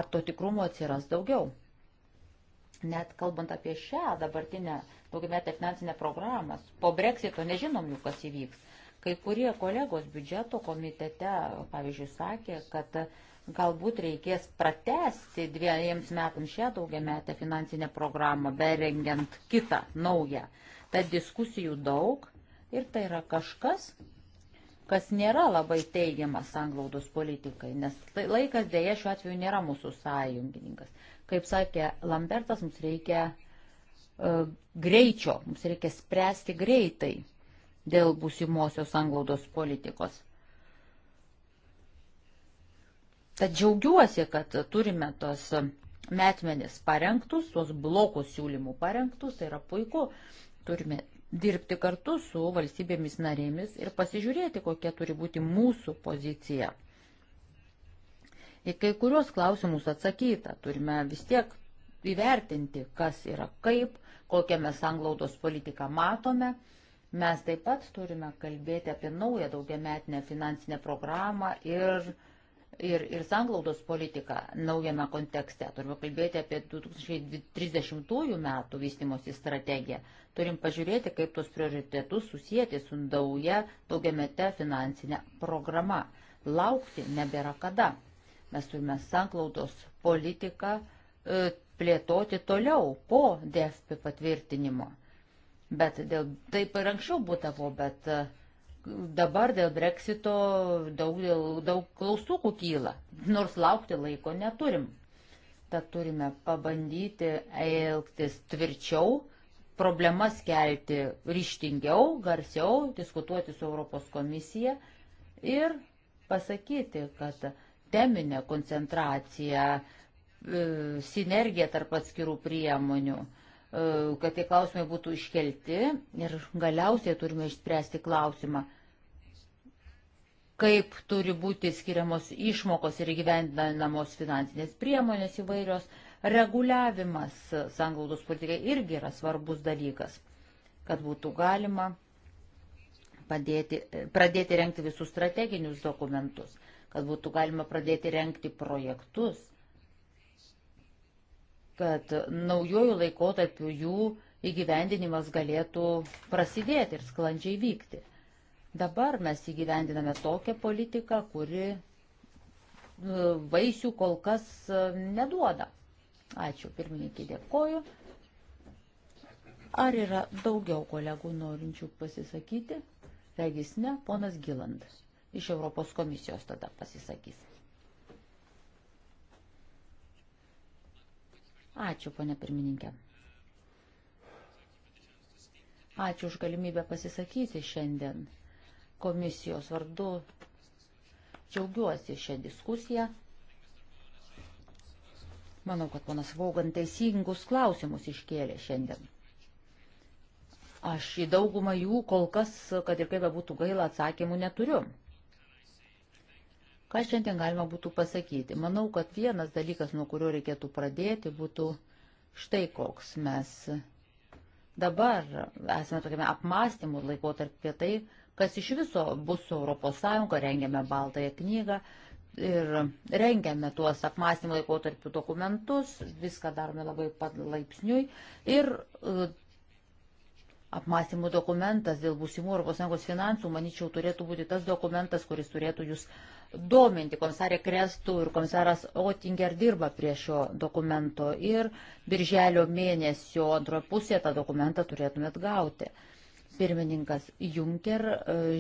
ar to tikrumo atsiras daugiau. Net kalbant apie šią dabartinę daugiametę finansinę programą, po breksito nežinom jų, kas įvyks Kai kurie kolegos biudžeto komitete, pavyzdžiui, sakė, kad galbūt reikės pratesti dviejiems metams šią daugiametę finansinę programą, berengiant kitą naują. Tad diskusijų daug ir tai yra kažkas, kas nėra labai teigiamas sanglaudos politikai, nes tai laikas dėja šiuo atveju nėra mūsų sąjungininkas. Kaip sakė Lambertas, mums reikia uh, greičio, mums reikia spręsti greitai dėl būsimosios anglaudos politikos. Tad džiaugiuosi, kad turime tos metmenis parengtus, tos blokus siūlymų parengtus, tai yra puiku. Turime dirbti kartu su valstybėmis narėmis ir pasižiūrėti, kokia turi būti mūsų pozicija. Į kai kuriuos klausimus atsakyta, turime vis tiek įvertinti, kas yra kaip, kokią mes anglaudos politiką matome Mes taip pat turime kalbėti apie naują daugiametinę finansinę programą ir, ir, ir sanglaudos politiką naujame kontekste. Turime kalbėti apie 2030 metų vystimosi strategiją. Turim pažiūrėti, kaip tos prioritetus susijęti su nauja daugiamete finansinė programa. Laukti nebėra kada. Mes turime sanglaudos politiką e, plėtoti toliau po DFP patvirtinimo Bet dėl, taip ir anksčiau būdavo, bet e, dabar dėl breksito daug, daug klaustukų kyla, nors laukti laiko neturim. Tad turime pabandyti elgtis tvirčiau, problemas kelti ryštingiau, garsiau, diskutuoti su Europos komisija ir pasakyti, kad teminė koncentracija, e, sinergija tarp atskirų priemonių, kad tie klausimai būtų iškelti ir galiausiai turime išspręsti klausimą, kaip turi būti skiriamos išmokos ir gyvendinamos finansinės priemonės įvairios, reguliavimas sanglaudos politikai irgi yra svarbus dalykas, kad būtų galima padėti, pradėti renkti visus strateginius dokumentus, kad būtų galima pradėti renkti projektus, kad naujojų laikotarpių jų įgyvendinimas galėtų prasidėti ir sklandžiai vykti. Dabar mes įgyvendiname tokią politiką, kuri e, vaisių kol kas e, neduoda. Ačiū, pirmininkai, dėkoju. Ar yra daugiau kolegų norinčių pasisakyti? Regis ne, ponas Giland iš Europos komisijos tada pasisakys. Ačiū, ponė pirmininkė. Ačiū už galimybę pasisakyti šiandien komisijos vardu. Džiaugiuosi šią diskusiją. Manau, kad ponas Vaugan teisingus klausimus iškėlė šiandien. Aš į daugumą jų kol kas, kad ir kaip bebūtų gaila, atsakymų neturiu. Ką šiandien galima būtų pasakyti? Manau, kad vienas dalykas, nuo kurio reikėtų pradėti, būtų štai koks mes dabar esame tokiame apmąstymų laikotarpė tai, kas iš viso bus su ES, rengiame baltąją knygą ir rengiame tuos apmąstymų laikotarpių dokumentus, viską darome labai palaipsniui ir apmąstymų dokumentas dėl būsimų ES finansų, manyčiau, turėtų būti tas dokumentas, kuris turėtų jūs dominti. Komisarė Krestų ir komisaras Otinger dirba prie šio dokumento ir birželio mėnesio antroje pusėje tą dokumentą turėtumėt gauti. Pirmininkas Juncker e,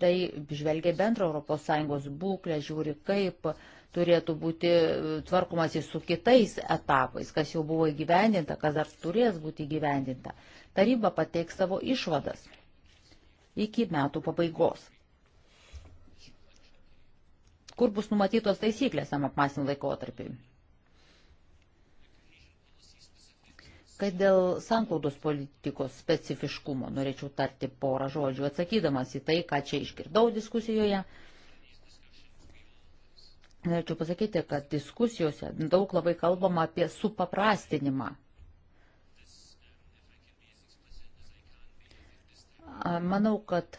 tai žvelgia bendrą ES būklę, žiūri kaip turėtų būti e, tvarkomasi su kitais etapais, kas jau buvo įgyvendinta, kas dar turės būti įgyvendinta. Taryba pateiks savo išvadas iki metų pabaigos. Kur bus numatytos taisyklės tam apmasiniam laikotarpiai? Kad dėl sanklaudos politikos specifiškumo norėčiau tarti porą žodžių, atsakydamas į tai, ką čia išgirdau diskusijoje. Uh, Norėčiau pasakyti, kad diskusijose daug labai kalbama apie supaprastinimą. Manau, kad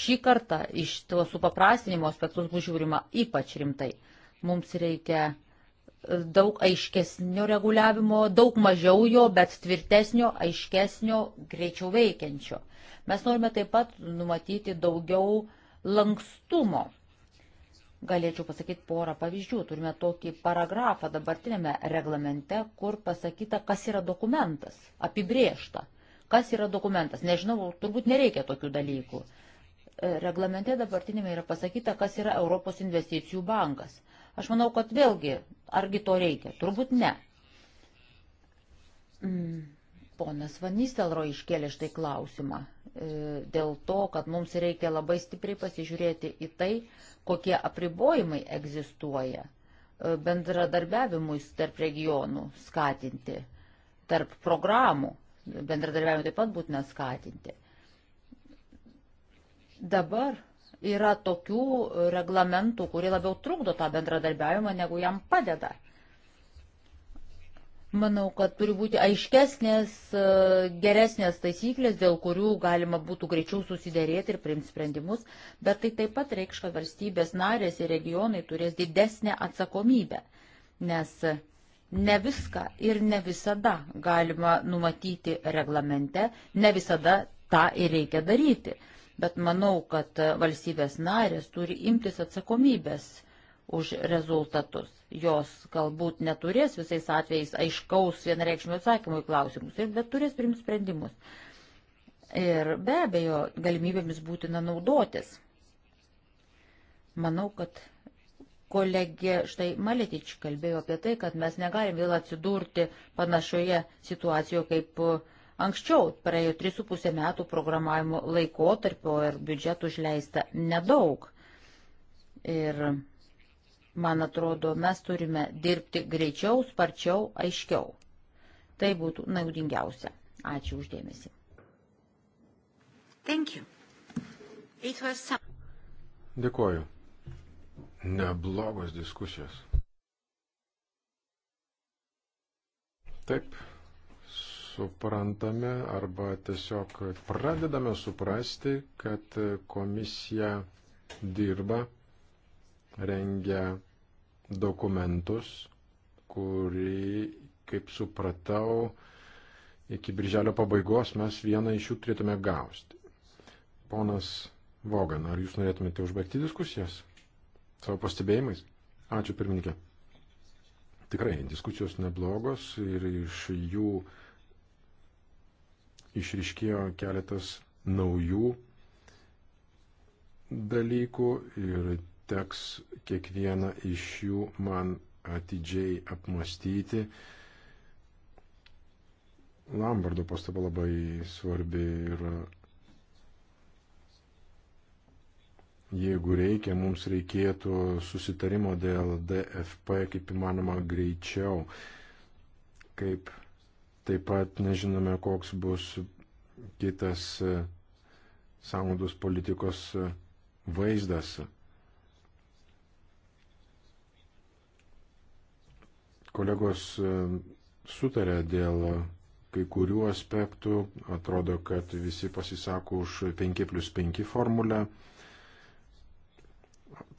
šį kartą iš to supaprastinimo aspektus bus žiūrima ypač rimtai. Mums reikia daug aiškesnio reguliavimo, daug mažiau jo, bet tvirtesnio, aiškesnio, greičiau veikiančio. Mes norime taip pat numatyti daugiau lankstumo Galėčiau pasakyti porą pavyzdžių. Turime tokį paragrafą dabartinėme reglamente, kur pasakyta, kas yra dokumentas, apibriešta. Kas yra dokumentas? Nežinau, turbūt nereikia tokių dalykų. E, reglamente dabartinėme yra pasakyta, kas yra Europos investicijų bankas. Aš manau, kad vėlgi, argi to reikia? Turbūt ne. Mm, ponas Vanistelro iškėlė štai klausimą. E, dėl to, kad mums reikia labai stipriai pasižiūrėti į tai, kokie apribojimai egzistuoja e, bendradarbiavimui tarp regionų skatinti, tarp programų bendradarbiavimui taip pat būtina skatinti. Dabar yra tokių reglamentų, kurie labiau trukdo tą bendradarbiavimą, negu jam padeda. Manau, kad turi būti aiškesnės, e, geresnės taisyklės, dėl kurių galima būtų greičiau susidėrėti ir priimti sprendimus, bet tai taip pat reikš, kad valstybės narės ir regionai turės didesnę atsakomybę, nes ne viską ir ne visada galima numatyti reglamente, ne visada tą ir reikia daryti, bet manau, kad valstybės narės turi imtis atsakomybės už rezultatus. Jos galbūt neturės visais atvejais aiškaus vienareikšmio atsakymų į klausimus, bet turės priimti sprendimus. Ir be abejo, galimybėmis būtina naudotis. Manau, kad kolegė štai Maletič kalbėjo apie tai, kad mes negalim vėl atsidurti panašioje situacijoje kaip anksčiau, praėjo 3,5 metų programavimo laikotarpio ir biudžetų išleista nedaug. Ir Man atrodo, mes turime dirbti greičiau, sparčiau, aiškiau. Tai būtų naudingiausia. Ačiū uždėmesi. Some... Dėkuoju. Neblogos diskusijos. Taip, suprantame arba tiesiog pradedame suprasti, kad komisija dirba rengia dokumentus, kurį, kaip supratau, iki birželio pabaigos mes vieną iš jų turėtume gausti. Ponas Vogan, ar jūs norėtumėte užbaigti diskusijas savo pastebėjimais? Ačiū pirmininkė. Tikrai diskusijos neblogos ir iš jų išriškėjo keletas naujų dalykų ir teks kiekvieną iš jų man atidžiai apmastyti. Lambardo pastaba labai svarbi ir jeigu reikia, mums reikėtų susitarimo dėl DFP kaip įmanoma greičiau, kaip taip pat nežinome, koks bus kitas e, sąnaudos politikos e, vaizdas Kolegos e, sutarė dėl kai kurių aspektų. Atrodo, kad visi pasisako už 5 plus 5 formulę.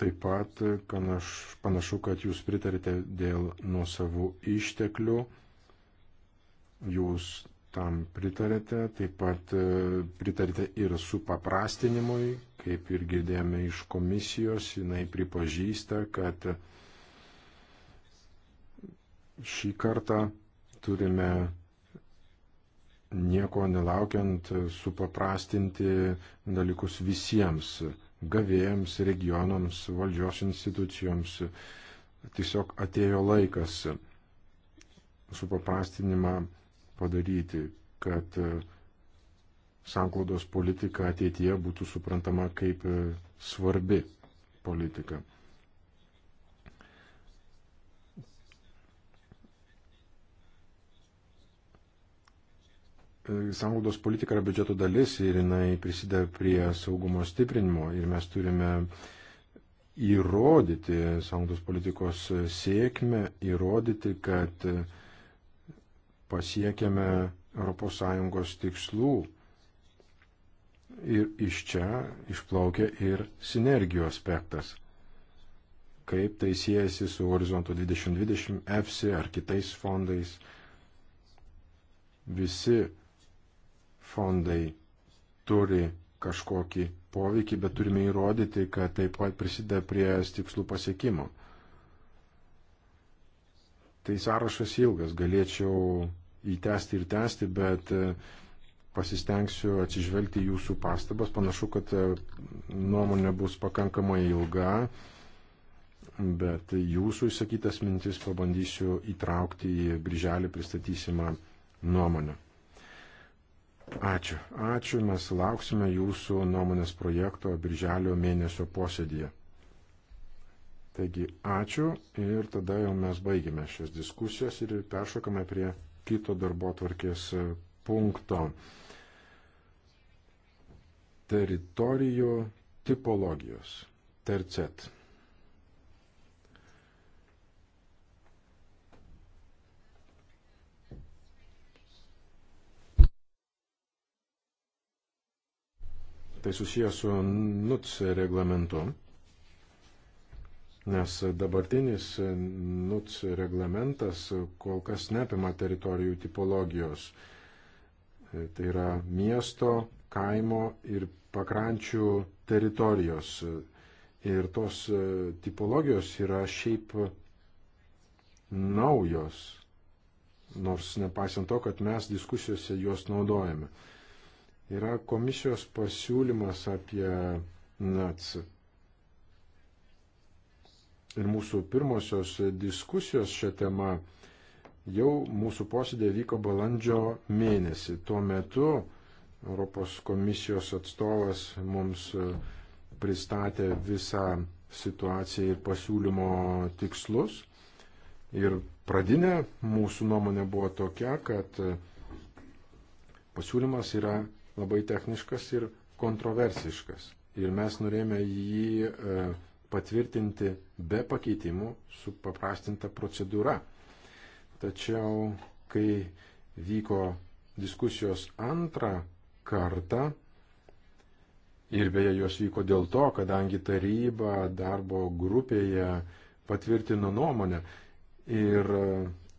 Taip pat kanaš, panašu, kad jūs pritarite dėl nuosavų išteklių. Jūs tam pritarėte, taip pat e, pritarėte ir su paprastinimui, kaip ir girdėjome iš komisijos, jinai pripažįsta, kad šį kartą turime nieko nelaukiant supaprastinti dalykus visiems gavėjams, regionams, valdžios institucijoms. Tiesiog atėjo laikas supaprastinimą padaryti, kad sanklaudos politika ateityje būtų suprantama kaip svarbi politika. E, sanglaudos politika yra biudžeto dalis ir jinai prisideda prie saugumo stiprinimo ir mes turime įrodyti sanglaudos politikos sėkmę, įrodyti, kad pasiekėme ES tikslų ir iš čia išplaukia ir sinergijų aspektas. Kaip tai siejasi su Horizonto 2020, EFSI ar kitais fondais. Visi fondai turi kažkokį poveikį, bet turime įrodyti, kad taip pat prisideda prie tikslų pasiekimo. Tai sąrašas ilgas, galėčiau įtesti ir tęsti, bet e, pasistengsiu atsižvelgti jūsų pastabas. Panašu, kad e, nuomonė bus pakankamai ilga, bet jūsų išsakytas mintis pabandysiu įtraukti į brželį pristatysimą nuomonę. Ačiū. Ačiū. Mes lauksime jūsų nuomonės projekto birželio mėnesio posėdėje. Taigi, ačiū ir tada jau mes baigime šias diskusijas ir peršokame prie kito darbo tvarkės e, punkto. Teritorijų tipologijos. Tercet. tai susijęs su NUTS reglamentu, nes dabartinis NUTS reglamentas kol kas neapima teritorijų tipologijos. Tai yra miesto, kaimo ir pakrančių teritorijos. Ir tos tipologijos yra šiaip naujos, nors nepaisant to, kad mes diskusijose juos naudojame yra komisijos pasiūlymas apie NAC. Ir mūsų pirmosios diskusijos šią temą jau mūsų posėdė vyko balandžio mėnesį. Tuo metu Europos komisijos atstovas mums e, pristatė visą situaciją ir pasiūlymo tikslus. Ir pradinė mūsų nuomonė buvo tokia, kad e, pasiūlymas yra labai techniškas ir kontroversiškas. Ir mes norėjome jį e, patvirtinti be pakeitimų su paprastinta procedūra. Tačiau, kai vyko diskusijos antrą kartą, ir beje jos vyko dėl to, kadangi taryba darbo grupėje patvirtino nuomonę, ir e,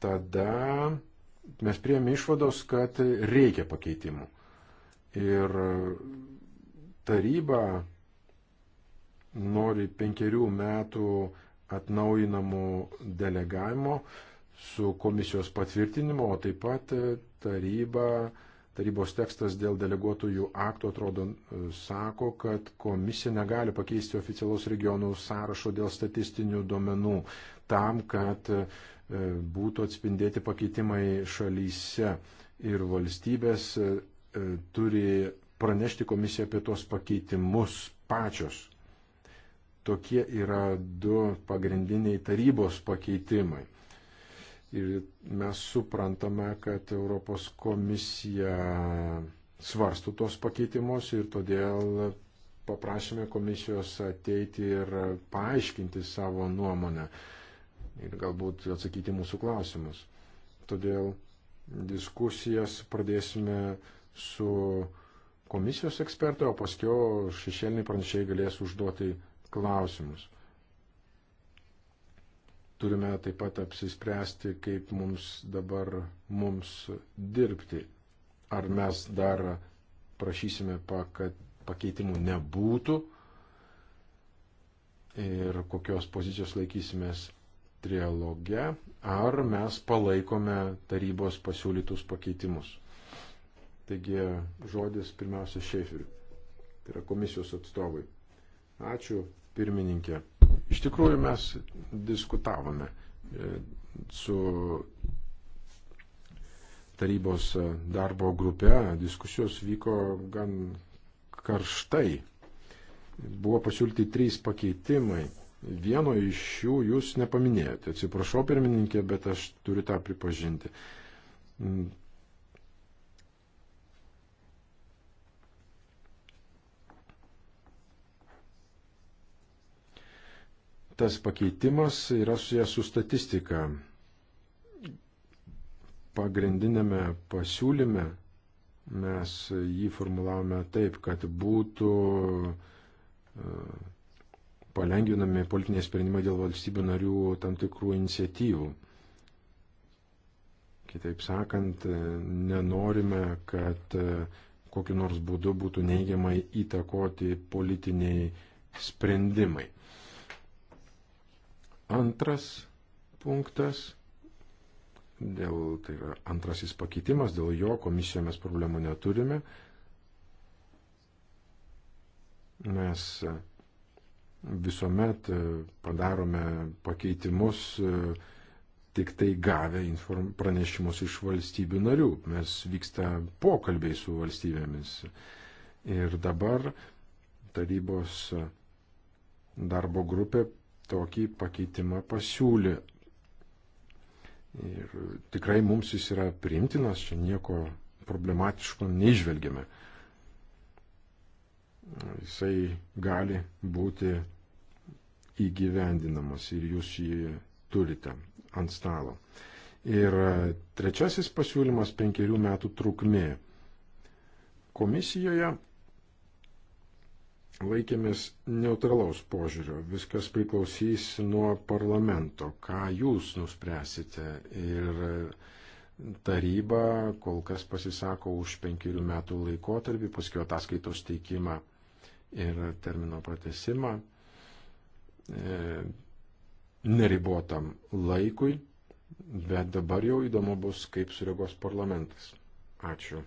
tada mes prieėmė išvados, kad reikia pakeitimų. Ir taryba nori penkerių metų atnaujinamų delegavimo su komisijos patvirtinimu, o taip pat taryba, tarybos tekstas dėl deleguotojų aktų atrodo sako, kad komisija negali pakeisti oficialaus regionų sąrašo dėl statistinių duomenų tam, kad e, būtų atspindėti pakeitimai šalyse ir valstybės E, turi pranešti komisiją apie tos pakeitimus pačios. Tokie yra du pagrindiniai tarybos pakeitimai. Ir mes suprantame, kad Europos komisija svarsto tos pakeitimus ir todėl paprašėme komisijos ateiti ir paaiškinti savo nuomonę ir galbūt atsakyti mūsų klausimus. Todėl diskusijas pradėsime su komisijos ekspertai, o paskui šešėliniai pranešėjai galės užduoti klausimus. Turime taip pat apsispręsti, kaip mums dabar mums dirbti. Ar mes dar prašysime, pa, kad pakeitimų nebūtų ir kokios pozicijos laikysimės trialoge, ar mes palaikome tarybos pasiūlytus pakeitimus. Taigi žodis pirmiausia Šeferiu, tai yra komisijos atstovai. Ačiū, pirmininkė. Iš tikrųjų mes diskutavome e, su tarybos darbo grupe, diskusijos vyko gan karštai. Buvo pasiūlyti trys pakeitimai. Vieno iš jų jūs nepaminėjote. Atsiprašau, pirmininkė, bet aš turiu tą pripažinti tas pakeitimas yra susijęs su statistika. Pagrindinėme pasiūlyme mes jį formulavome taip, kad būtų e, palengvinami politiniai sprendimai dėl valstybių narių tam tikrų iniciatyvų. Kitaip sakant, nenorime, kad e, kokiu nors būdu būtų neigiamai įtakoti politiniai sprendimai. Antras punktas, dėl, tai yra antrasis pakeitimas, dėl jo komisijoje mes problemų neturime. Mes visuomet padarome pakeitimus tik tai gavę inform, pranešimus iš valstybių narių. Mes vyksta pokalbiai su valstybėmis. Ir dabar tarybos darbo grupė tokį pakeitimą pasiūlė. Ir tikrai mums jis yra priimtinas, čia nieko problematiško neižvelgiame. Jisai gali būti įgyvendinamas ir jūs jį turite ant stalo. Ir trečiasis pasiūlymas - penkerių metų trukmė. Komisijoje laikėmės neutralaus požiūrio. Viskas priklausys nuo parlamento, ką jūs nuspręsite. Ir taryba kol kas pasisako už penkerių metų laikotarpį, paskui ataskaitos teikimą ir termino pratesimą e, neribotam laikui, bet dabar jau įdomu bus, kaip sureagos parlamentas. Ačiū.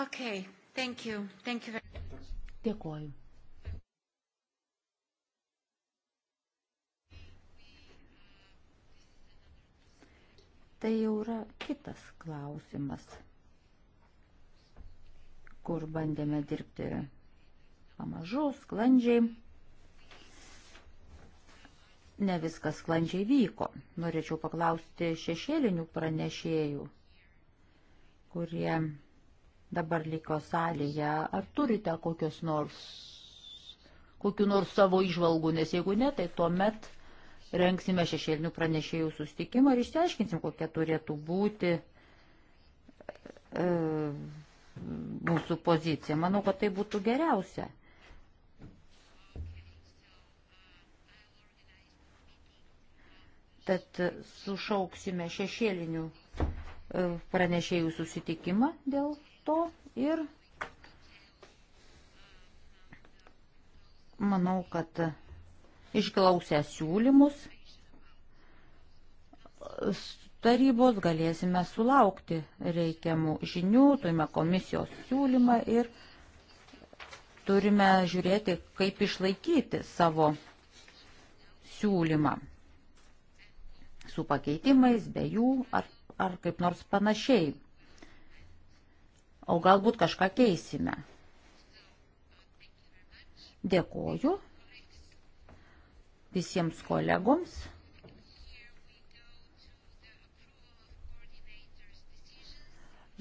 Okay. Thank you. Thank you very much. Dėkuoju. Tai jau yra kitas klausimas, kur bandėme dirbti pamažu, sklandžiai. Ne viskas sklandžiai vyko. Norėčiau paklausti šešėlinių pranešėjų, kurie dabar liko salėje, ar turite kokios nors, kokiu nors savo išvalgų, nes jeigu ne, tai tuomet rengsime šešėlinių pranešėjų sustikimą ir išsiaiškinsim, kokia turėtų būti e, mūsų pozicija. Manau, kad tai būtų geriausia. Tad sušauksime šešėlinių e, pranešėjų susitikimą dėl to ir manau, kad išklausę siūlymus tarybos galėsime sulaukti reikiamų žinių, turime komisijos siūlymą ir turime žiūrėti, kaip išlaikyti savo siūlymą su pakeitimais, be jų ar, ar kaip nors panašiai o galbūt kažką keisime. Dėkoju visiems kolegoms.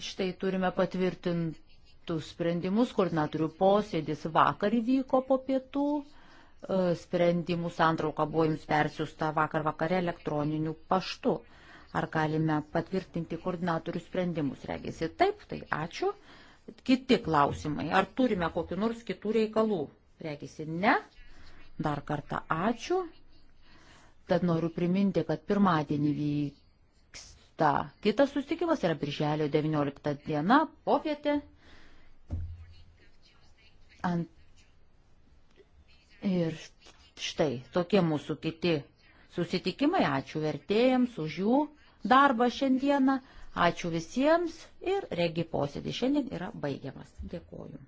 Štai turime patvirtintus sprendimus, koordinatorių posėdis vakar įvyko po pietų. E, sprendimų santrauka buvo jums persiusta vakar vakare elektroniniu paštu. Ar galime patvirtinti koordinatorių sprendimus? Regisi taip, tai ačiū. Kiti klausimai. Ar turime kokiu nors kitų reikalų? Regisi ne. Dar kartą ačiū. Tad noriu priminti, kad pirmadienį vyksta kitas susitikimas, yra birželio 19 diena, popietė. Ant... Ir štai tokie mūsų kiti susitikimai. Ačiū vertėjams už jų darbą šiandieną. Ačiū visiems ir regi posėdį šiandien yra baigiamas. Dėkuoju.